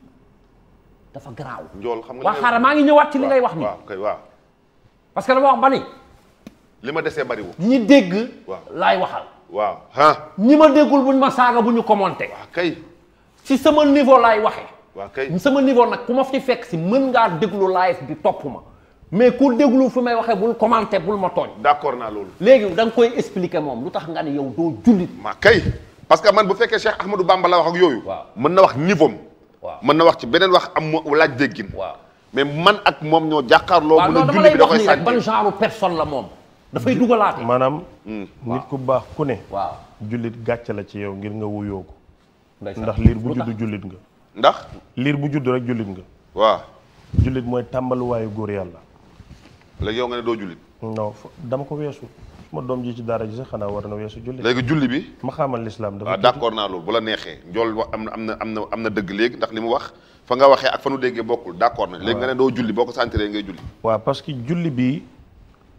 dafa garaaw. njool xam nga waaw xaaral maa ngi ñëwaat ci li ngay wax nii. waaw kay waaw. parce que dama wax ba ni. li ma desee bariwul. ñi dégg. waaw laay waxal. waaw ah. ñi ma déggul buñ ma saaga bu ñu commenté. waaw kay. si sama niveau laay waxee. waaw kay sama niveau nag ku ma fi fekk si mën ngaa déglu live bi topp ma. mais ku déglu fu may waxee bul commenté bul ma tooñ. d'accord naa loolu. léegi danga koy expliquer moom lu tax nga ne yow doo jullit. ma kay parce que man bu fekkee Cheikh Ahmadou Bamba la wax ak yooyu. waaw mën na wax niveau am. waaw mën na wax ci beneen wax am mu laaj déggin. waaw mais man ak moom ñoo jàkkaarloo. mu ne julli bi da koy sànni ban genre personne la moom. dafay dugalaate maanaam mm, nit ku baax ku ne waaw jullit gàcce la ci yow ngir nga wuyoo ko ndax liir bu judd jullit nga ndax liir bu judd rek jullit nga waa jullit mooy tàmbaluwaayu góor yàlla léegi yow nga ne doo jullit non dama ko weesu ma doom ji ci daara ji sax xanaa war julli léegi julli bi ma xamal lislaam dafa ah, d'accord naa loolu bu la neexee njool wax am na am na am na am na dëgg léegi ndax li mu wax fa nga waxee ak fa nu déggee bokkul d'accord na léegi nga ne doo julli boo ko sentiree ngay julli waaw parce julli bi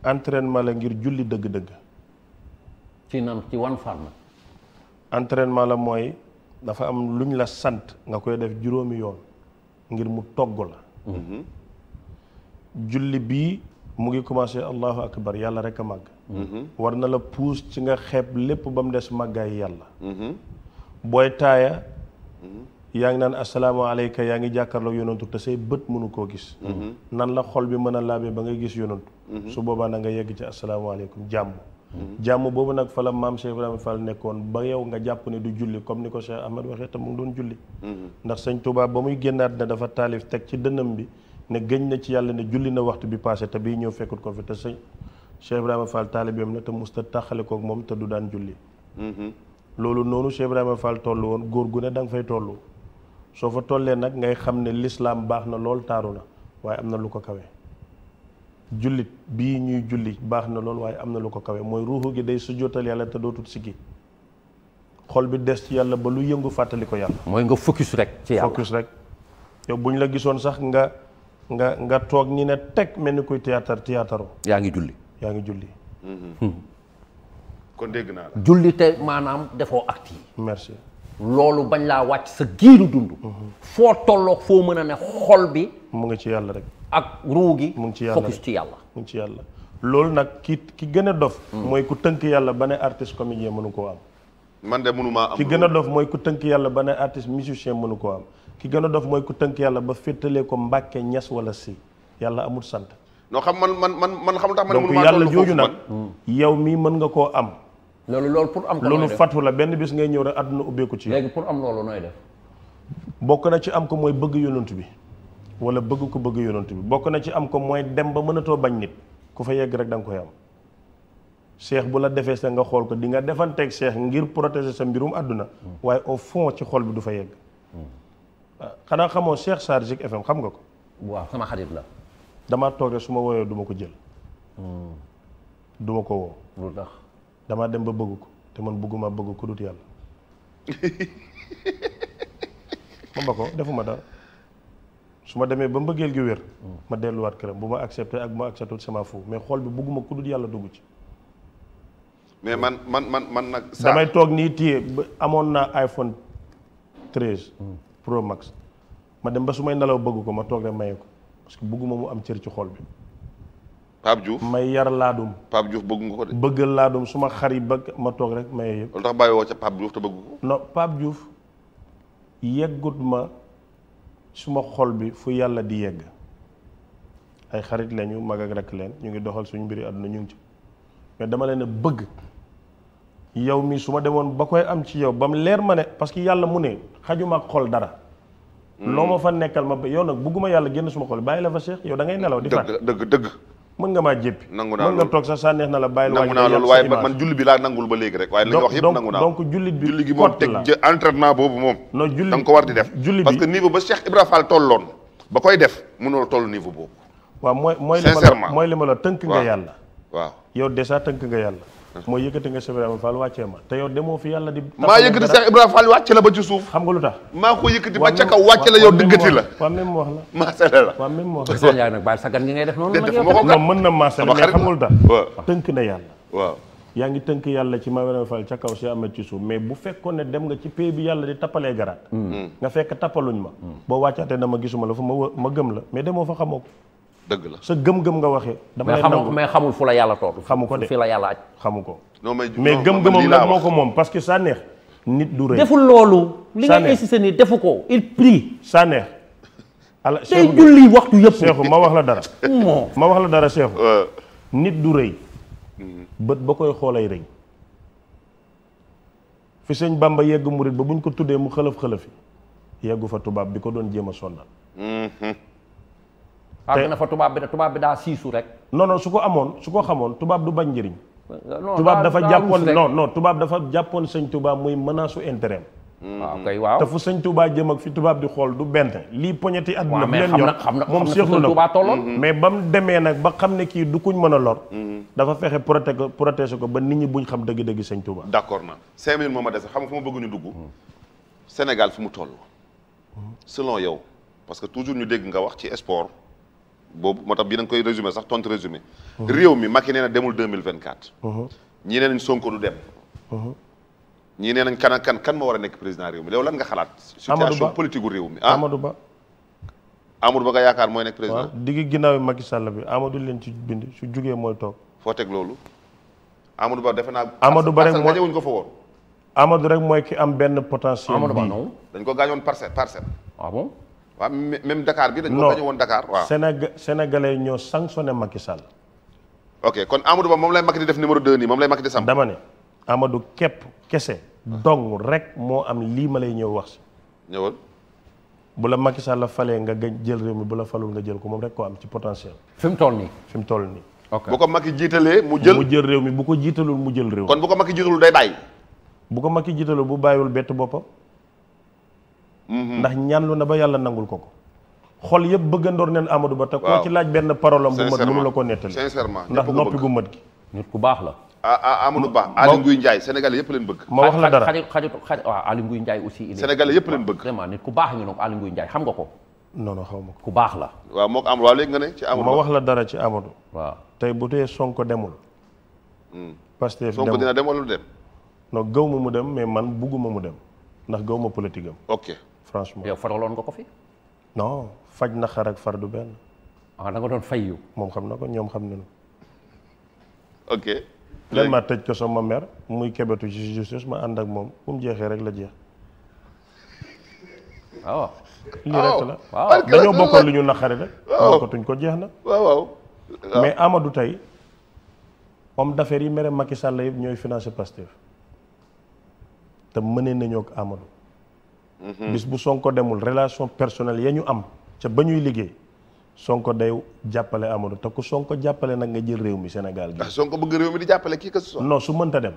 entrainement la ngir julli dëgg-dëgg. ci nan ci wan fànn. entrainement la mooy dafa am lu luñ la sant nga koy def juróomi yoon ngir mu togg la. Mhm. julli bii mu ngi commencé allahu akbar yàlla rek a màgg. Mhm. war na la puus ci nga xeeb lépp ba mu des màggaay yàlla. Mhm. booy taaya. yaa ngi naan assalaamu alayka yaa ngi jàkkaarloo yonantu te say bët mënu koo gis mhm. nan la xol bi mën a laabee ba ngay gis yonantu mhm. su boobaa nag nga yegg ci asalaamaaleykum jàmm mhm. jàmm boobu nag fa la maam Cheikh Ibrahima Fall nekkoon ba yow nga jàpp ne du julli comme ni ko see Ahmed waxee te mu ngi doon julli ndax sañ Touba ba muy génnaat ne dafa taalif teg ci dënnam bi ne gëñ na ci yàlla ne julli na waxtu bi passé te bii ñëw fekkut ko fi te sëñ Cheikh Ibrahima Fall taalibeem la te musta taxale kook moom te du daan julli loolu noonu Cheikh Ibrahima Fall toll woon góor gu ne da fay toll soo fa tollee nag ngay xam ne lislaam baax na lool taaru na waaye am na lu ko kawe jullit bii ñuy julli baax na lool waaye am na lu ko kawe mooy ruuxu gi day sujjóotal yàlla te dootul siggi xol bi des ci yàlla ba lu yëngu fàttali ko yàlla. mooy nga focus rek. ci yàlla rek yow bu ñu la gisoon sax nga nga nga toog ñu ne teg mel ni kuy théâtre théâtre. yaa ngi julli. yaa ngi julli. Mm-hmm. dégg naa la. julli te maanaam defoo acte merci. loolu bañ laa wàcc sa giiru dund foo tolloog foo mën a ne xol bi mu ngi ci yàlla rek ak ruu gi mu ngi ci yàlla focus ci yàlla mu ngi ci loolu nag ki ki gën a dof mm. mooy ku tënk yàlla ba ne artiste comédien mënu koo am man de mënu maa am gën a dof mooy ku tënk yàlla ba ne artiste musicien mënu koo am ki gën a dof mooy ku tënk yàlla ba féttalee ko mbàkke ñas wala si yàlla amul sant non xam man man man man xam tax man mënu maa donc yàlla jooju nag mm. yow mii mën nga koo am loolu loolu pour am ko loolu fatu la benn bis ngay ñëw rek àdduna ubbeeku ci léegi pour am loolu nooy def bokk na ci am ko mooy bëgg yonent bi wala bëgg ko bëgg yonent bi bokk na ci am ko mooy dem ba mënatoo bañ nit ku fa yegg rek danga koy am seex bu la defee sa nga xool ko di nga defanteeg seex ngir protéger sa mbirum àdduna waaye au fond ci xol bi du fa yegg xanaa xamoo Cheikh Sarr Zik FM xam nga ko waaw sama la damaa toog rek su ma woowee du ma ko jël hmm. du ko woo damaa dem ba bëgg ko te man bëgguma bëgg ku yàlla ma ba ko defuma dara su ma demee ba mu mbëggeel gi wér ma delluwaat këram bu ma accepté ak bu ma accepté sama fu mais xool bi bëgguma ku yàlla dugg ci mais man man man man nag damay toog nii téye amoon naa iPhone 13 Pro Max ma dem ba su may nelaw bëgg ko ma toog rek maye ko parce bëgguma mu am cër ci xool bi Pape Diouf may yar laadum. Pape Diouf bëgg nga ko de. bëggal laadum su ma xar yi bëgg ma toog rek maye yëpp. loolu tax bàyyi woo ca Pape Diouf te bëgg ko. non Pape Diouf yeggut ma suma xol bi fu yàlla di yegg ay xarit lañu mag ak rakk leen ñu ngi doxal suñu mbiri àdduna ñu ngi ci mais dama leen bëgg yow mi su ma demoon ba koy am ci yow ba mu leer ma ne parce que yàlla mu ne xajuma ak xol dara. Hmm. loo ma fa nekkal ma ba yow nag bëgguma yàlla génn suma xol bàyyi la fa Cheikh yow da ngay nelaw. di fàttali dëgg dëgg. mën nga maa jéppi nangu naa mën nga toog sax sa neex na la bàyyil nangu naa loolu waaye man julli bi laa nangul ba léegi rek waaye nga wax yëpp nangu naa donc jullit bi julli gi moom teg entraînement boobu moom non julli da nga ko war di def julli bi parce que niveau ba Cheikh Ibra Fall tolloon ba koy def mënoo toll niveau boobu waaw mooy mooy li ma la mooy li ma la tënk nga yàlla waaw yow déjà tënk nga yàlla mooy yëkkati nga Cheikh Ibrahima Fall wàccee ma te yow demoo fi yàlla di la ba ci suuf xam nga lu tax maa ko yëkkati ba ca kaw wàcce la yow dëggati yaa ngi tënk yàlla ci Maam Ibrahima kaw Cheikh Ahmed ci suuf bu fekkoon ne dem nga ci pay bi yàlla di tappalee garaat hmm. Hmm. nga fekk tappaluñ ma hmm. boo wàccaatee dama gisuma la fa ma ma gëm la mais demoo fa xamoo ko dëgg la sa gëm-gëm nga waxee. dama lay nangu mais xamul fu la yàlla toog. xamu ko de fi xamu ko. non mais gëm-gëmam nag moo ko moom parce que sa nit du rëy. deful loolu. li nga insisté nii defu ko il prie. sa neex. julli waxtu yëpp. seexu ma wax la dara. ma wax la dara seexu. nit du rëy. Mm-hmm. bët ba koy xoolay rëy. fi sëñ Bamba yegg murit ba buñ ko tuddee mu xëlëf xëlëfi yeggu fa tubaab bi ko doon jéem a sondal. Mm-hmm. àgg na fa tubaab bi tubaab bi daa siisu rek non su ko amoon su ko xamoon tubaab du bañ njëriñ euh, tubaab dafa jàppoon non non tubaab dafa jàppoon sëñ Touba muy menace su intérêt waaw mm. ah, kay waaw te fu sëñ Touba jëm ak fi tubaab di xool du benn lii poñeti àdduna bu leen ñor xam na moom seexlu na tolloon mm-hmm. mais ba mu demee nag ba xam ne kii du kuñ mën a lor mm-hmm. dafa fexe protéger protéger ko ba nit ñi buñ xam dëgg-dëgg sëñ Touba d'accord na cinq moo ma dese xam nga fu ma bëgg ñu dugg mm-hmm. Sénégal fu mu toll selon yow parce que toujours ñu dégg nga wax ci sport boobu moo tax bi nañ koy résumé sax tontu résumé. réew mi Macky nee na demul deux mille vingt quatre. ñii nee nañ Sonko du dem. ñii nee nañ kan ak kan moo war a nekk président réew mi loolu lan nga xalaat. situation politique gu réew mi ah Amadou Ba. Amadou Ba mooy nekk président. digg ginnaaw bi bi Amadou leen ci bind su mooy toog. foo teg loolu. Amadou Ba defe naa. Amadou Ba rek mooy gaañewuñ ko fa woon. Amadou rek mooy ki am benn potentiel. Amadou Ba dañ ko gaañoon parcelle parcelle. ah bon. waaw même dakaar bi. dañ ko gañe woon Dakar waaw. Sénégal sénégalais ñoo sanctionné Macky Sall. ok kon Amadou Ba moom lay Macky di def numéro 2 nii moom lay Macky di sam. dama ne Amadou képp kese. dong rek moo am lii ma lay ñëw wax si. ñëwal. bu la Macky la falee nga jël réew mi bu la falul nga jël ko moom rek koo am ci potentiel. fi mu toll nii. fi mu toll nii. ok bu ko Macky jiitalee mu jël mu réew mi bu ko jiitalul mu jël réew. kon bu ko Macky jiitalul day bàyyi. bu ko Macky jiitalul bu bàyyiwul bett boppam. Mhm. ndax ñaan ñaanlu na ba yàlla nangul ko ko xol yëpp bëggandoor neen amatu Ba te koo ci laaj benn parole am bu mat mënu la ko nettali sincèrement ndax noppi gu mat gi nit ku baax la ah, ah Amadou Ba Aly Ngouille Ndiaye sénégalais yëpp leen bëgg ma wax la dara xarit xarit xarit waaw Aly Ngouille Ndiaye aussi sénégalais yëpp leen bëgg vraiment nit ku baax ñu noonu Aly Ngouille Ndiaye nga ko non xaw ma ko ku baax la waaw moo ko am waaw léegi nga ne ci Amadou ma wax la dara ci Amadou waaw tey bu dee sonk demul hmm. parce que Sonko dina dem wala du dem noo gëw ma mu dem mais man bugguma mu dem ndax gaw ma politique am franchement yow faraloon nga ko fi. faj na ak far du benn. ah da nga doon fay yu. moom xam na ko ñoom xam nañu. ok. léegi ma tëj ko sama mère muy kebetu ci justice ma ànd ak moom bu mu jeexee rek la jeex. waaw. dañoo bokkoon lu ñu naqari rek. waaw bokkatuñ ko jeex na. waaw waaw. mais Amadou yi mere Macky sàll yëpp ñooy financé Pastef te mënee nañoo ak Amadou. Mhm. bis bu Sonko demul relation personnelle ya ñu am ca ba ñuy liggéey Sonko day jàppale Amadou te ku Sonko jàppale nag nga jël réew mi Sénégal gi. ah Sonko bëgg réew mi di jàppale kii que ce non su mënta dem.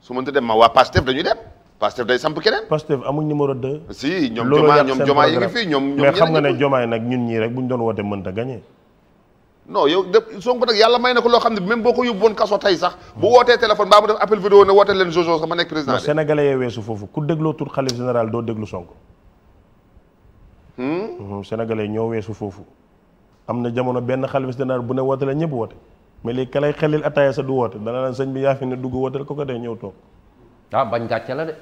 su mënta dem ma waa Pastef dañuy dem. Pastef day samp keneen. Pastef amuñ numéro 2. si ñoom Jomaay ñoom Jomaay yi ngi fi ñoom ñoom mais xam nga ne Jomaay nag ñun ñii rek bu ñu doon woote mënta gañee non yow de Sonko nag yàlla may na ko loo xam ne même boo ko yóbbuwoon kaso tey sax bu wootee téléphone baa mu def appel vidéo ne woote leen Jojo sama nekk président sénégalais yee weesu foofu ku dégloo tur xalif général doo déglu Sonko hmm? Hmm, sénégalais ñoo weesu foofu am na jamono benn xalif général bu ne woote la ñëpp woote mais léegi ka lay xelil ataaya sa du woote dana la sëñ bi yaa fi ne dugg wootel ko ko dee ñëw toog ah bañ gàcce la de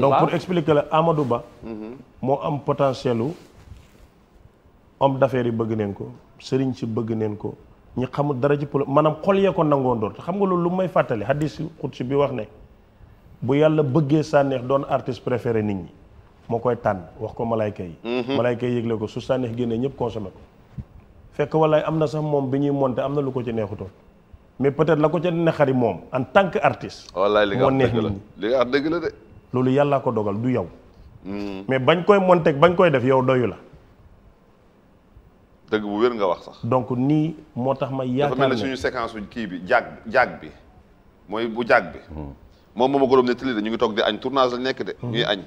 donc pour expliquer la Ba hmm. moo am potentiel homme d'affaires yi bëgg neen ko sëriñ si bëgg neen ko ñi xamul dara ci polo maanaam xol yee ko nangoo door te xam nga loolu lu may fàttali hadis si bi wax ne bu yàlla bëggee sànneex doon artiste préféré nit ñi moo koy tànn wax ko malayka yi mhm. malayka yi yëgle ko su sànneex génnee ñëpp consommé ko fekk walaay am na sax moom bi ñuy monté am na lu ko ci neexutoon mais peut-être la ko ca nexari moom en tant que artiste moo neex nit ñi li nga wax dëgg la de loolu yàllaa ko dogal du yow mm. mais bañ koy monté bañ koy def yow doyu la dëgg bu wér nga wax sax. donc ni moo tax ma yaakaar dafa mel ni suñu kii bi jaag jaag bi mooy bu jaag bi. moom moom ma ko doon nettali de ñu ngi toog di añ tournage lañ nekk de. ñuy añ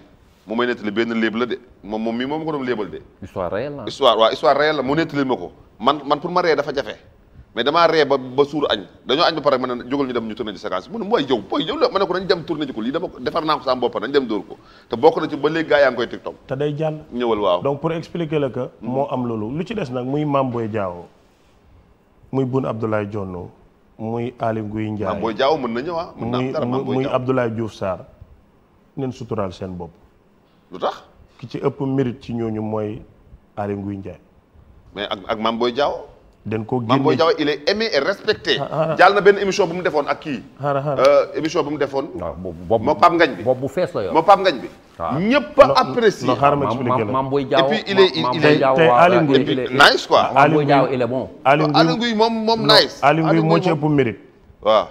mu may nettali benn léeb la de moom moom mii moom ma ko doon léebal de. histoire réelle la histoire waaw histoire la mu nettali ma ko man man pour ma ree dafa jafe. mais damaa ree ba ba suur añ dañoo añ ba pare ma ne jógal ñu dem ñu tourné ji séquence bi mu ne mooy jëw mooy jëw la ma ko nañ dem tourné ji ko lii dama defar naa ko sama bopp nañ dem dóor ko te bokk na ci ba léegi gaa yaa ngi koy TikTok te day jàll donc pour expliquer la que moo am loolu lu ci des nag muy Mame Boye Diao muy Boun Abdallah Dionne muy Aly Ngouille Ndiaye Mame Boye Diao mën na ñëw ah, mën na am dara muy Abdoulaye Diouf Sarr neen suturaal seen bopp lu tax ki ci ëpp mérite ci ñooñu mooy Aly Ngouille Ndiaye mais ak ak Mame Boye dañ koo génne Mame Boye Diao il est aimé et respecté. Ah, ah, ah. jàll na benn émission bu mu defoon ak kii. Euh, émission bu mu defoon. waaw boobu moo Pape Ngagne bi boobu bu fees la yor moo Pape Ngagne bi. ñëpp a apprécié. non xaaral ma expliqué la Mame Boye Diao et puis il est il est tey Aly Ngouille nice quoi. Aly Ngouille Diao moom moom nice. Aly Ngouille moo ci ëpp mérite. waaw.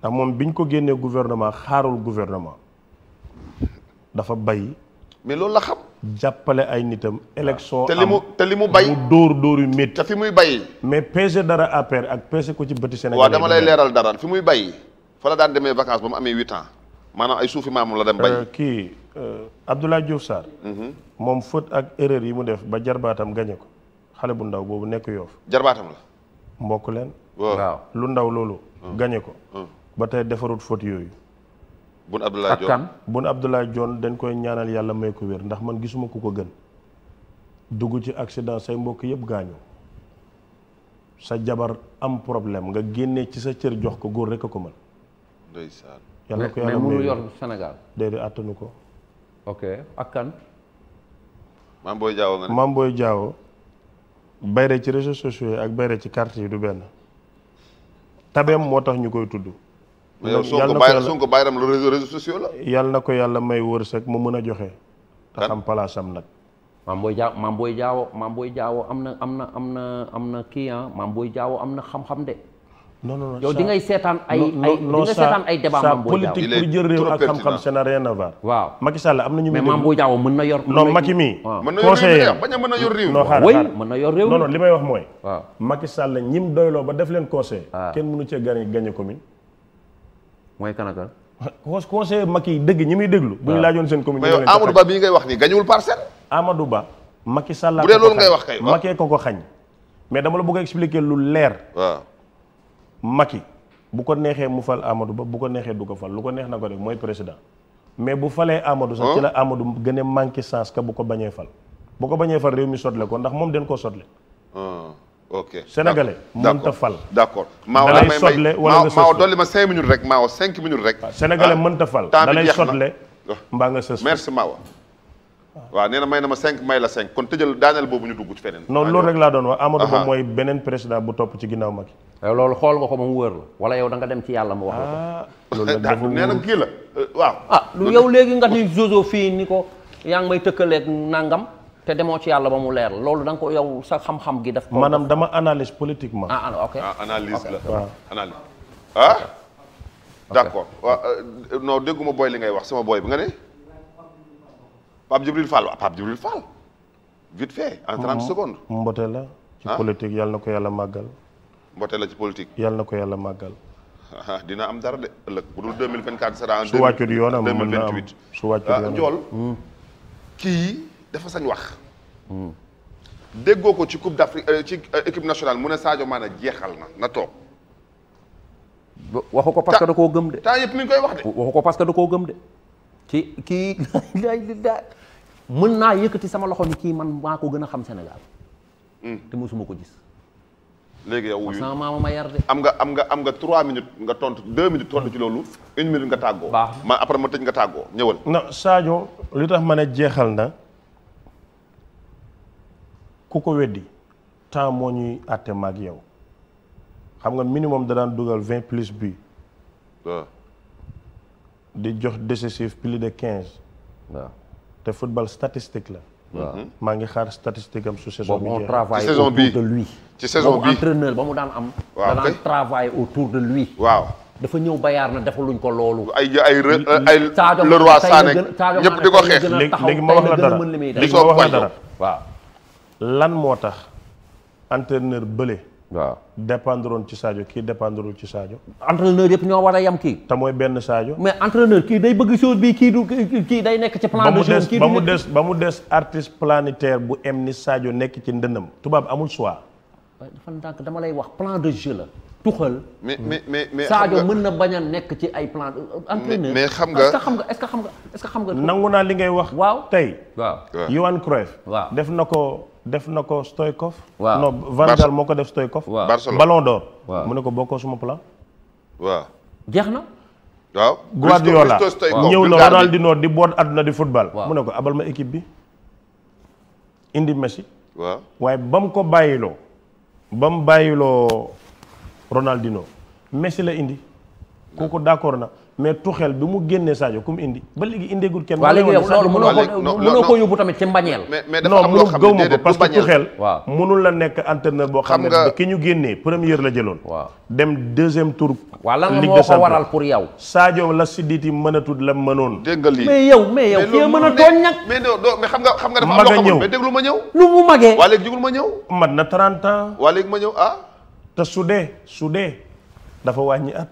ndax moom biñ ko génnee gouvernement xaarul gouvernement dafa bay. mais loolu la xam. jàppale ay nitam. élection te li mu te li mu bay mu dóor dóor yu métti. te fi muy bay. mais pêche dara APR ak pêche ko ci bëti Sénégal. waaw dama lay leeral dara fi muy bay fa la daan demee vacance ba mu amee huit ans maanaam ay suufi maam la dem bay. Euh, kii euh, Abdoulaye Diouf Sarr. Mhm. moom faute ak erreur yi mu def ba jarbaatam gañe ko xale bu ndaw boobu nekk yoof jarbaatam la. mbokk leen. waaw lu ndaw loolu. Mm. gañe ko. Mm. ba tey defarut faute yooyu. Boun Abdallah Dionne ak kan Boun Abdallah dañ koy ñaanal yàlla may ko wér ndax man gisuma ku ko gën dugg ci accident say mbokk yëpp gaañoo sa jabar am problème nga génne ci sa cër jox ko góor rek a ko man ndeysaan. yàlla ko yàlla mais mënu yor Sénégal. ko. ok ak kan. Mame Boye Diao ci réseaux sociaux yi ak bayre ci carte yi du benn tabeem moo tax ñu koy tudd. yow Sonko bàyyi Sonko bàyyi ram réseaux réseaux sociaux la. yàlla na ko yàlla may wërsëg mu mën a joxe. te xam place am nag. maam booy jaaw maam booy jaawo maam booy jaawo am na am na am na am na kii ah maam booy am na xam-xam de. non non yow di nga seetaan ay débat maam booy jaawo politique pour jël réew ak xam-xam ça waaw Macky Sall am na ñu. mais maam mën na yor. non Macky mii. conseiller mën na yor réew non mën na yor réew. li may wax mooy. waaw Macky Sall ñim doyloo ba def leen conseil. Ah. kenn mënu cee gagné ko commune. mooy kan ak conseiller Macky dëgg ñi muy déglu. bu ñu laajoon seen commune. mais Amadou Ba bii ngay wax nii gañuwul parcelle. amadu Ba. Macky Sall bu dee loolu ngay wax kay Macky ko ko xañ. mais dama la bëgg a expliquer lu leer. waaw bu ko neexee mu fal Amadou Ba bu ko neexee du ko fal lu ko neex na ko def mooy président mais bu falee Amadou sax ci la Amadou gën a manqué sens que bu ko bañee fal bu ko bañee fal réew mi sotle ko ndax moom den koo sotle ok sénégalais mënut a fal. d' accord Maaw da lay sotle wala nga Maaw dolli ma cinq minutes rek Maaw cinq minutes rek. waaw ah, sénégalais ah, mënut a fal. da lay sotle mbaa nga sës. merci Maaw waaw nee may na ma cinq may la cinq kon tëjal daaneel boobu ñu dugg ci feneen. noonu loolu rek laa doon wax Amadou Ba mooy beneen président bu topp ci ginnaaw Macky. Eh, loolu xool nga ko moom wóor la wala yow da nga dem ci yàlla mu wax la ko. Ah. loolu dafa nee na kii la eh, waaw. ah yow léegi nga ni Jojo fii ni ko yaa ngi may tëkkaleeg nangam. te demoo ci yàlla ba mu leer loolu da ko yow sax xam-xam gi def. maanaam dama analyse politiquement. ah, ah ok ah, analyse la waaw analyse ah. accord waaw euh, dégguma booy li ngay wax sama booy bi nga ne. Pape Djibril Fall waaw Pape la ci ah? politique yàlla na ko yàlla màggal. mbote la ci politique. yàlla na ko yàlla màggal. dina am dara de ëllëg bu dul 2024 sera su wàccul yoonam mën na am su wàccul yoonam hmm. kii. dafa sañ wax. déggoo ko ci coupe d'Afrique euh, ci euh, équipe nationale mu ne Sadio Mané jeexal na na toog. waxu ko parce que da koo gëm de. temps yëpp mi ngi koy wax de. waxu ko parce que da gëm de. ci kii mën naa yëkkati sama loxo ni kii man maa ko gën a xam senegal hmm. te mosuma ko gis. léegi yow wuyu ma yar am nga am nga am nga trois minutes nga tontu deux minutes tontu ci loolu une minute nga tàggoo. baax ma après ma tëj nga tàggoo ñëwal. na saajo li tax ma ne jeexal na. ku ko weddi temps moo ñuy àtte maag yow xam nga minimum da daan dugal vingt plus bi ah. di jox décisif plus de quinze. waaw ah. te football statistique la. Ah. Mhm. maa ngi xaar statistique am su saison. bi ci saison bi ci saison bi ba mu daan am. waaw da daan travail autour de lui. waaw dafa ñëw bayaar na defaluñ ko loolu. ay ay ay Leroy Sané ñëpp di ko xeex léegi ma wax la dara léegi ma wax la dara waaw. lan moo tax entraîneur bële. waaw dépendroon ci Sadio kii dépendrewul ci Sadio. entraîneur yëpp ñoo war a yem kii. te mooy benn saajo mais entraîneur kii day bëgg chose bi kii du kii day nekk ci plan de chose. kii ba mu des ba mu des artiste planétaire bu em ni saajo nekk ci ndëndam. tubaab amul choix. dafa ndànk dama lay wax plan de jeu la. tuxal. mais mais mais mën na bañ a nekk ci ay plan. Euh, entraîneur mais xam nga est-ce que xam nga est que xam nga. nangu naa li ngay wax. waaw tey. waaw Johan Cruyff. waaw def na ko. def na ko Stoïkov. waaw non Van moo ko def Stoïkov. waaw Ballon d'or. mu ne ko bokkoo suma plan. waaw. na. waaw Guardiola ñëw na Ronaldinho di boot àdduna di football. mu ne ko abal ma équipe bi indi Messi. waaye ba mu ko bàyyiloo. ba mu bàyyiloo Ronaldinho Messi la indi. kooku d'accord na. mais tuxel bi mu génnee Sadio ku mu indi ba léegi indeegul kenn. waaw léegi yow loolu mënoo ko yóbbu tamit ci mbañeel. mais dafa am loo xam ne déedéet parce que tuxel. waaw mënul la nekk entraîneur boo. xam nga ki ñu la jëloon. waaw dem deuxième tour. waaw lan moo ko waral pour yow. Sadio la Siditi mënoon. dégg nga lii yow mais yow. kii mën a xam nga xam nga dafa am loo xamul mais ñëw. lu mu magee waa léegi jugul ma ñëw. mat na 30 ans. waa léegi ma ñëw ah. te su dee su dee dafa wàññi at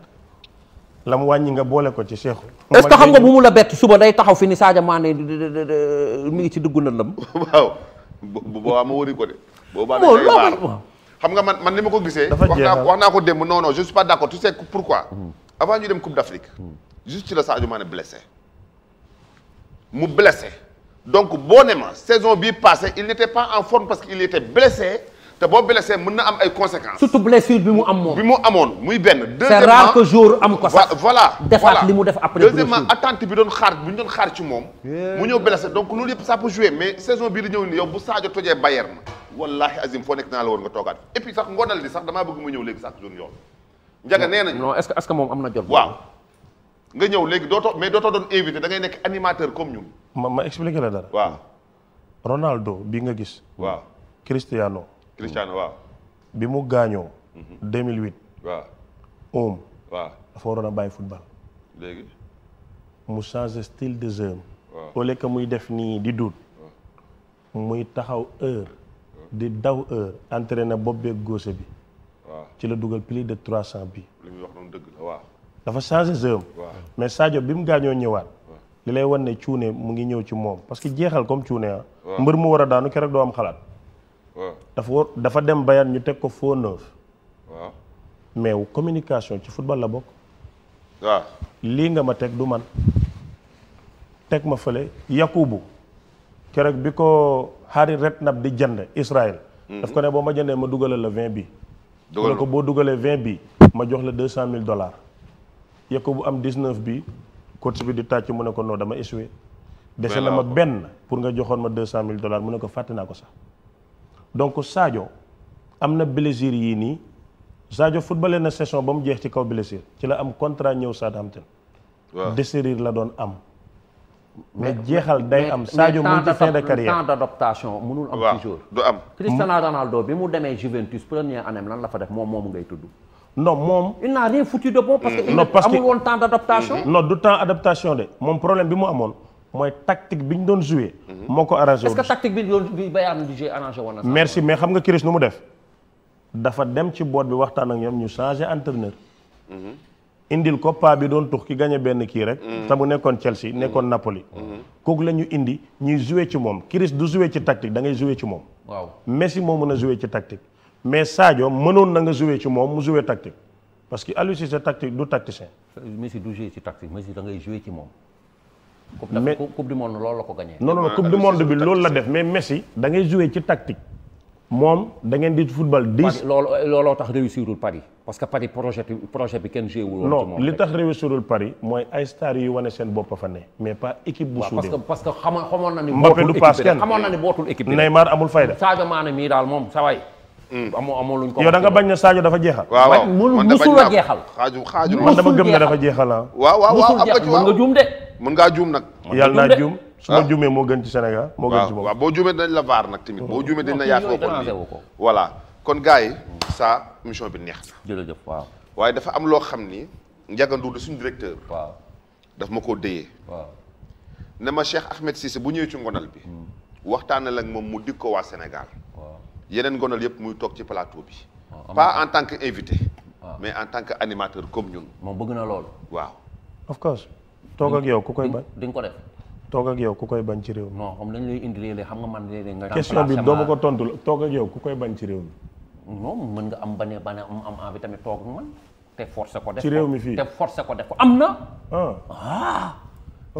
lam wàññi nga boole ko ci Cheikhou. est que xam nga bu mu la bett suba day taxaw fi ni Sadio Mané mi ngi ci dugg na lëm. waaw bu boobaa ma wëri ko de. boobaa dañ koy baar nga man man ni ma ko gisee. dafa wax naa wax ko démb non non je suis pas hmm. ñu dem Coupe d' Afrique. juste ci la Sadio Mané blessé. mu blessé donc boo ne ma saison bii passée il n' était pas en forme parce que il était blessé. te boo blessé mën na am ay conséquences. surtout blessure bi mu am moom. bi mu amoon muy benn. deuxièmement c'est rare que jour am ko sax. voilà defaat li mu def après. deuxièmement attente bi doon xaar bu ñu doon xaar ci moom. mu ñëw blessé donc loolu yëpp ça peut jouer mais saison bii di ñëw nii yow bu Sadio tojee Bayern. wallahi azim foo nekk naa la war nga toogaat et puis sax ngonal di sax damaa bëgg mu ñëw léegi sax zone yoon. njaga nee nañ non est-ce que est nga ñëw léegi dootoo mais dootoo doon invité da nekk animateur comme ñun. ma ma expliqué la dara. nga gis. waaw Cristiano Cristiano waaw. bi mu gaañoo. 2008. Mhm. waaw oom. dafa waroon a bàyyi football. léegi. mu changé style de jeu. waaw au que muy def nii di duut. muy taxaw heure. di daw heure entraîné bopp beeg gauche bi. ci la dugal plus de 300 bi. li muy waaw. dafa changé jeu mais Sadio bi mu gaañoo ñëwaat. li lay wan ne cuune mu ngi ñëw ci moom parce que jeexal comme cuune ah. mbër mu war daanu keroog doo am xalaat. dafa war dafa dem Bayern ñu teg ko faux neuf. waaw communication ci football la bokk. waaw lii nga ma teg du man teg ma fële Yakubu keroog bi ko xaari Redknapp di jënd Israël. Mhm. daf ko ne boo ma jëndee ma dugalal la vingt bi dugal ko boo dugalee vingt bi ma jox la deux cent mille dollars. Yakubu am dix neuf bi coach bi di tàcc mu ne ko noo dama échoué. dese na ma benn pour nga joxoon ma deux cent mille dollars mu ne ko fàtte naa ko sax. donc Sadio am na blessure yii nii Sadio footballé na saison ba mu jeex ci kaw blessure ci la am contrat ñëw Southampton. waaw déchirure la doon am. mais jeexal day am Sadio mu ngi ci fin de carrière temps mu demee Juventus première année lan la fa def moom moomu ngay tudd. non moom. il n'a rien foutu de bon. parce que amul woon temps d'adaptation. non du temps adaptation de moom problème bi mu amoon. mooy tactique bi ñu doon joué. Mhm. moo ko arrangé est-ce que tactique bi doon bi Bayern di joué arrangé merci mais xam nga Chris nu mu def dafa dem ci boot bi waxtaan ak ñoom ñu changé entraîneur. Mhm. indil ko paa bi doon tux ki gagné benn kii rek. Mhm. te mu nekkoon Chelsea nekkoon Napoli. kooku la ñu indi ñuy joué ci moom Chris du joué ci tactique da ngay joué ci moom. waaw Messi moo mën a joué ci tactique. mais Sadio mënoon na nga joué ci moom mu joué tactique parce que Aliou Cissé tactique du tacticien. Messi du joué ci tactique Messi da ngay joué ci moom. coupe mais coupe du monde loolu la ko gagné. non non coupe du monde bi loolu la def mais Messi da ngay jouer ci tactique. moom da ngeen di football dix. loolu eh, looloo tax réussirul Paris parce que Paris projet bi kenn joué wul. non tax réussirul Paris mooy ay stars yu wane seen bopp fa ne mais pas équipe bu suudee. waaw parce que du paas kenn xamoon na ni bootul équipe bi Neymar amul fayda. Sadio Mané mii daal moom sa waay. Mm. amoo luñ ko. yow da nga bañ na Sadio dafa mën ngaa juum nag. yàlla naa juum su ma ah. juumee moo gën ci Sénégal moo gën ci moom boo juumee dañ la vaar nag tamit boo juumee dinañ la yaat ko ko voilà kon gars yi ça émission bi neex na jërëjëf waaw waaye dafa am loo xam ni Ndiaga Ndour de suñu directeur waaw daf ma koo déyee ne ma Cheikh Ahmed Cissé bu ñëwee ci ngonal bi hmm. waxtaanal ak moom mu dig ko waa Sénégal yeneen ngonal yëpp muy toog ci plateau bi pas en tan que invité mais en tant que animateur comme ñun moom bëgg na loolu waaw toog ak yow ku koy bañ di nga ko def toog ak yow ku koy bañ ci réew mi non xam lañ lay indi léeg-léeg xam nga man léeg-léeg nga question bi doo ma ko tontu la toog ak yow ku koy bañ ci réew mi non mën nga am bane bane am am envie tamit toog ak man te forcé ko def ci réew mi fii te forcé ko def ko am na ah, ah.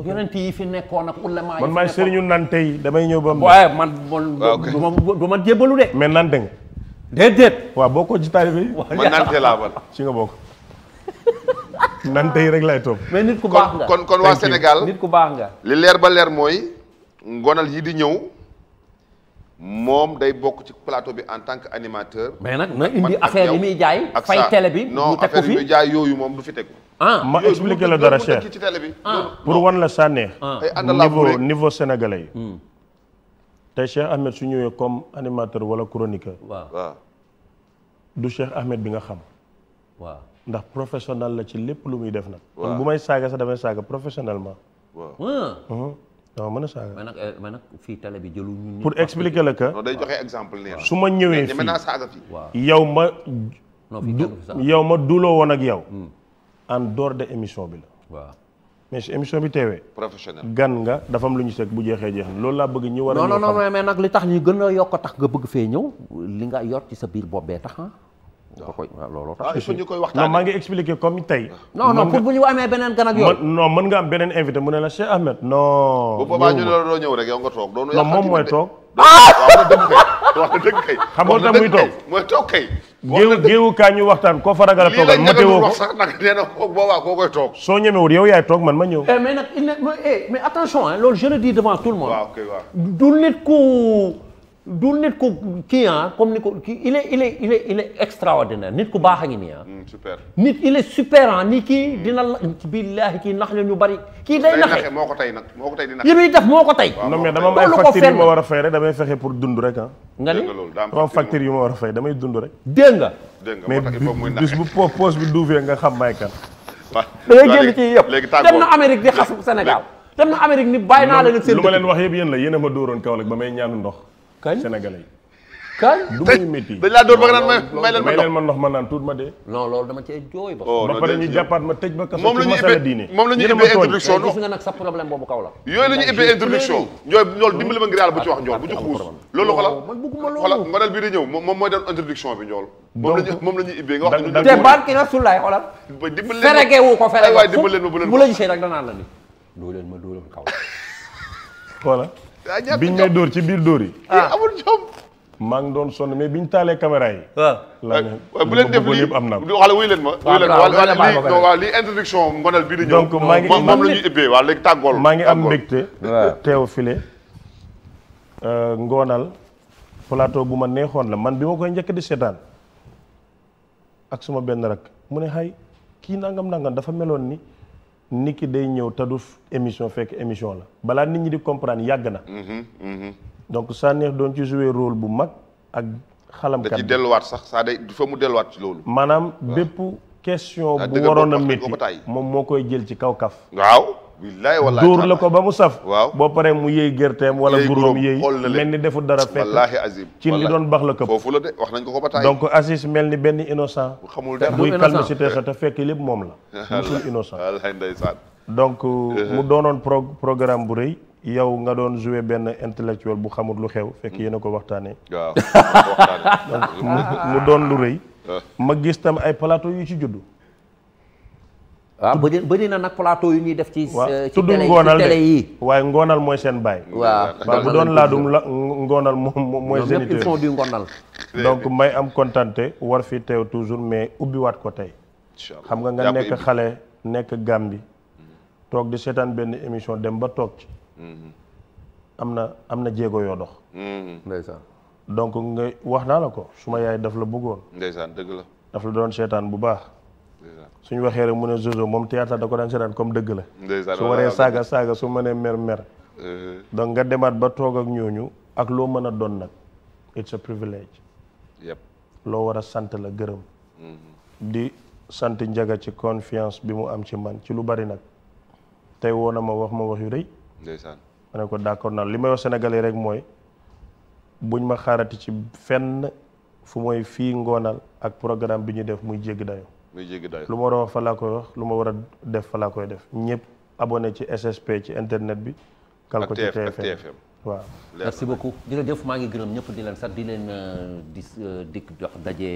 yonent yi fi nekkoon ak ulama yi man maay sëriñu nante yi damay ñëw ba mu waaye man man ah, du ma jébbalu de mais nante nga déedéet waaw boo ko ci taalibe yi man nante laa man ci nga bokk nan tey rek lay topp. mais nit ku baax nga baax nga. li leer ba leer mooy ngoonal yi di ñëw moom day bokk ci plateau bi en tant que animateur. mais nag na indi affaire yi muy jaay. ak fay télé bi mu teg ko fi yooyu moom du fi tegu. ah ma expliqué la dara cher ci télé bi. Ah. pour wan la sànnee. Ah. niveau niveau sénégalais yi. Hmm. tey Ahmed su ñëwee comme animateur wala chroniqueur. waaw du Cheikh Ahmed bi nga xam. waaw. ndax professionnel la ci lépp lu muy def nag. waaw bu may saaga sax damay saaga professionnellement. waaw. Ah. Mhm. mën a saaga. mais nag eh, fii télé bi jëlu pour expliquer la que. day joxe exemple nii su ma ñëwee fii yow ma. yow ma duuloo woon ak yow. Hmm. en dehors de émission bi la. waaw mais si émission bi teewee. professionnel gan nga dafa am lu ñu sekk bu jeexee jeex na loolu laa bëgg ñu. war a non non mais nag li tax ñu gën a yokk tax nga bëgg fee ñëw li nga yor ci sa biir bopp bee tax ah. waaw koy waaw looloo tax. Ah, il faut non maa ngi expliqué comme tey. non non pour bu ñu amee beneen gan ak yow. non mën nga am beneen invité mu ne la Cheikh Ahmed. non bu boobaa ñu la doo ñëw rek yow nga toog. non moom mooy toog. waaw dëgg kay na dëgg toog mooy toog kay. kaa ñu waxtaan koo fa ragal a toogal ma teewoo ko wax sax nag nee na koo koo koy toog. soo ñemewul yow yaay toog man ma ñëw. Eh, mais eh, mais attention hein loolu je le dis devant tout le monde. waaw kay waaw ku du nit ku kii ah comme ni ko kii il est il extraordinaire nit ku baax a nii ah. Mm, nit il est super ah ni kii dina la billaahi kii nax la ñu bari. kii day naxe moo ko tey nag moo ko tey dina. li muy def moo ko tey. non mais dama yu ma war a fay rek damay fexe pour dund rek ah. nga ni dama am facture yu ma war a fay damay dund rek. dégg nga. dégg nga mais bis bu poche bi duufee nga xam may kan. waaw da génn ci yëpp dem na Amérique di xas Sénégal dem na Amérique ni bàyyi naa la nga. seen lu ma leen a ma dóoroon kañ sénégalais yi. kañ du may métti. dañ laa doon ba nga naan may leen ma ndox may leen ma ndox ma naan tuut ma dee. non loolu dama cee jooy ba. Oh, ba pare ñu jàppaat ma tëj ma kaso ci la ñuy ibbee la. yooyu la ñuy ibbee la ñuy moom ma ferege ko ferege la gisee Ah, biñ may dóor ci biir dóor yi. Ah. Eh, maa ngi doon sonn mais biñ taalee caméra yi. Ah. Eh, waaw bu leen def lii am na ko wala wuy leen bii di ñëw. maa ngi moom la ñuy ubbee waaw maa ngi am mbégte. file. Euh, ngoonal plateau bu ma neexoon la man bi ma koy njëkk di seetaan ak suma benn rak mu ne xay kii nangam nangam dafa meloon ni. nit ki day ñëw taduf émission fekk émission la balaa nit ñi di comprendre yàgg na. Mhm, mhm. donc Sanekh doon ci jouer role bu mag ak. xalamkat da ci delluwaat sax saa day fa mu delluwaat ci loolu. maanaam bépp question bu waroon a métti moom moo koy jël ci kaw kaf. waaw. billaay wallaay dóor la ko ba mu saf. waaw boo paree mu yëy gertem wala guróom yëy mel ni deful dara fekk. wallaahi azim ci li doon bax la këpp. foofu la wax nañ ko ko ba taay. donc Aziz mel ni benn innocent. xamul dara muy calme si teexa te fekk lépp moom la. musul innocent wallaahi ndeysaan. donc euh, mu doonoon pro programme bu rëy. yow nga doon joué benn intellectuel bu xamul lu xew. fekk yéen ko waxtaanee. waaw mu doon lu rëy. ma gis tam ay palato yu ci juddu. waaw ah. bëri bëri na nag plateau yu ñuy def ci. Euh, ci tudd ngoonal télé yi waaye ngoonal mooy seen baay. waaw waaw bu doon laadum la ngoonal moom mooy. seen i du ngoonal. donc may am kontante war fi teew toujours mais ubbiwaat ko tey. xam nga nga nekk xale nekk Gàmbi toog di seetaan benn émission dem ba toog ci. Mm-hmm. am na am na jéego yoo dox. Mm-hmm. ndeysaan. donc nga wax naa la ko suma yaay daf la bëggoon. ndeysaan dëgg la. daf la doon seetaan bu baax. suñu waxee rek mu ne Jojo moom théâtre da ko daan seetaan comme dëgg la su waree saaga saaga su mënee mer mer uh-huh. donc nga demaat ba toog ak ñooñu ak loo mën a doon nag it's loo war a sant la gërëm mm-hmm. di sant njaga ci confiance bi mu am ci man ci lu bari nag tey woo na ma wax ma wax yu rëy ma ne ko d'accord nag li may wax sénégalais rek mooy buñ ma xaarati ci fenn fu mooy fii ngoonal ak programme bi ñu def muy jégg dayo muy jéggi lu ma war a wax fa koy wax lu ma war a def fa laa koy def ñëpp abonné ci SSP ci internet bi. kal ko ci TFM waaw merci beaucoup jërëjëf maa ngi gërëm ñëpp di leen sax di leen euh, di euh, dikk jox daje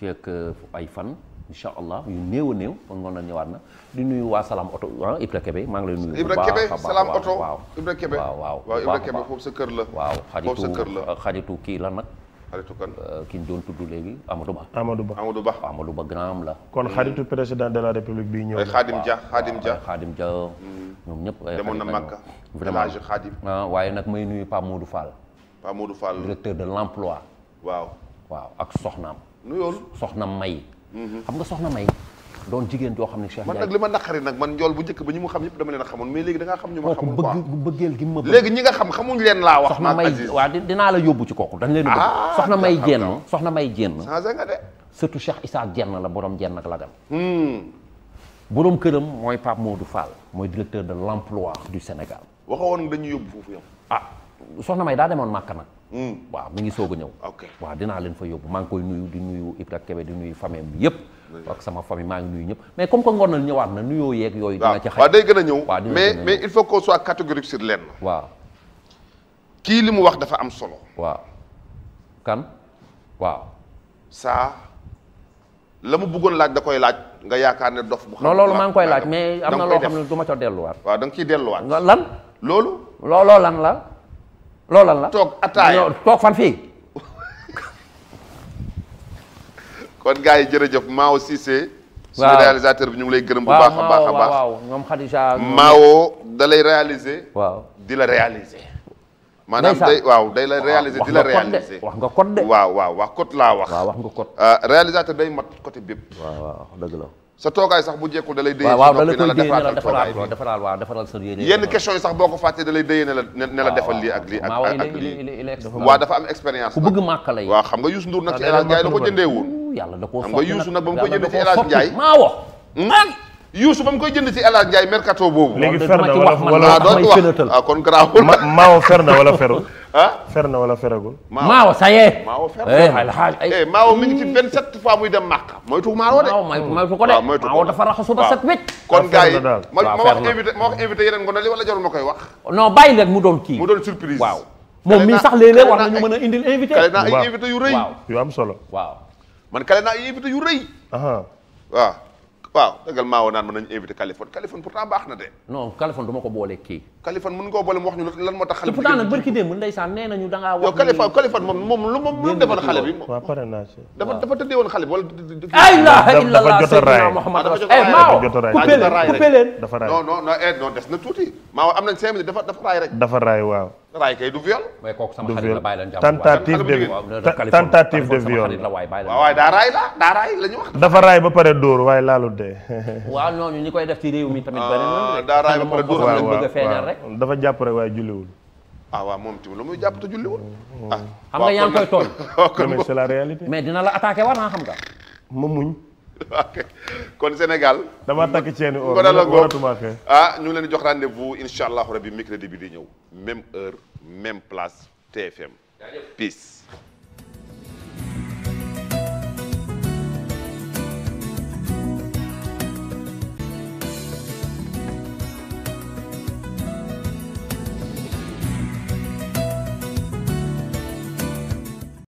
fekk euh, ay fan incha allah yu néew a néew kon ngoon na ñëwaat na di nuyu waa Salam Oto ah Ibra Kebe maa ngi lay nuyu. Ibra Kebe Salam Oto waaw Ibra Kebe foofu sa kër la. xaritu kii la nag. xaritu kan euh, ki ñu doon tudd léegi Amadou Ba. Amadou grand am la. kon xaritu président de la république bi ñëw. Khadim Dia Khadim Dia Khadim mm. Dia ñoom ñëpp. ay demoon na Makka vraiment Khadim. Ah, waaye nag may nuyu Pape Modou Fall. Pape Modou Fall directeur de l'emploi. waaw waaw ak Soxnaam. nuyool Soxna May. Mm-hmm. xam nga Soxna May. doon jigéen joo xam ne Cheikh man nag li ma naqari nag man njool bu njëkk ba ñi mu xam ñëpp dama leen a xamoon mais léegi da ngaa xam ñu ma xamul quoi bëggeel gi ma léegi ñi nga xam xamuñ leen laa wax soxna may waaw la yóbbu ci kooku dañ leen ah, soxna may jenn soxna may jenn changé nga de surtout Cheikh Issa jenn la borom jenn ak lagal hmm. borom këram mooy Pape Modou Fall mooy directeur de l'emploi du Sénégal waxoon dañuy yóbbu foofu yow ah soxna may daa demoon màkk nag hmm. waaw mu ngi soog a ñëw waaw dinaa leen fa yóbbu maa ngi koy nuyu di nuyu Ibra Kebe di nuyu famille bi yëpp ak sama famille maa ngi nuyu ñëpp mais comme que ngonal ñëwaat na nuyoo yeeg yooyu dina ci xaj waaw day gën a ñëw mais mais il faut qu'on soit catégorique sur lenn waaw kii li mu wax dafa am solo waaw kan waaw saa la mu bëggoon laaj da koy laaj nga yaakaar ne dof bu xam non loolu maa ngi koy laaj mais am na loo xam ne du ma ca delluwaat waaw danga nga ciy delluwaat lan loolu looloo lan la loolu lan la toog ataaya toog fan fii kon gars yi jërëjëf Mao Cissé. waaw suñu réalisateur bi ñu ngi lay gërëm. bu baax a a baax waaw ñoom Khadija. Mao réaliser. di la réaliser. maanaam day waaw day réaliser di la réaliser waaw waaw wax code laa wax. waaw wax nga code. Euh, mat côté bépp. sa toogaay sax bu jekkul da lay déyee waaw da la koy déyee ne la defaraat waaw defaraat waaw defaraat sa yéene yenn question yi sax boo ko fàttee da lay déyee ne la ne la defal lii ak lii ak lii waaw dafa am expérience ku bëgg màkk waaw xam nga Youssou Ndour nag ah, ci la ko jëndee woon yàlla da koo xam nga Youssou nag ba mu koy jënd ci El Hadj Ndiaye maa wax hmm? man Youssou ba mu koy jënd ci El Hadj Ndiaye mercato boobu léegi fer na wala doon wax ah kon garaawul maawo fer na wala ferul ah fer na wala feragul maawo ça y est maawo fer eh, ay eh, maawo mi ngi ci 27 fois muy dem Màkka moytu maawo de moytu ko de maawo dafa raxasu ba set wecc kon ah, gars yi ma wax invité ma wax invité yeneen ngonal li wala jarul ma koy wax non bàyyi leen mu doon kii mu doon surprise waaw moom mii sax léeg-léeg war nañu mën a indil invité. waaw kay naa ay invité yu rëy yu am solo waaw man kale naa ay invité yu rëy. waaw waaw dëggal maa woo naan mën nañu invité Kaliphone Kaliphone pourtant baax na de. non Kaliphone du ma ko boole kii. Kaliphone mën nga koo boole mu wax ñu lan moo tax. xale bi pourtant nag barki démb ndeysaan nee da ngaa. wax ni yow lu moom dafa a eh, a raay dafa a raay a eh, na tuuti maa am nañ cinq minutes dafa dafa dafa raay waaw raay kay du viol. mais kooku sama xarit la bàyyi leen jàmm tentative de tentative de viol waaye daa raay la daa raay la ñu wax. dafa raay ba pare dóor waaye laalu dee. waaw ñooñu ñi koy def ci réew mi tamit. beneen daa raay ba pare dóor waaw bëgg a feeñal rek. dafa jàpp rek waaye julliwul. ah waaw moom tamit lu muy jàpp te julliwul. Mm. Ah. xam nga yaa koy tooñ. mais c'est la mais dina la attaqué war naa xam nga. ma muñ. kon Sénégal. dama takk ceeni or waratuma ah ñu leen jox rendez-vous incha allahu bi di ñëw même heure même place TFM. peace.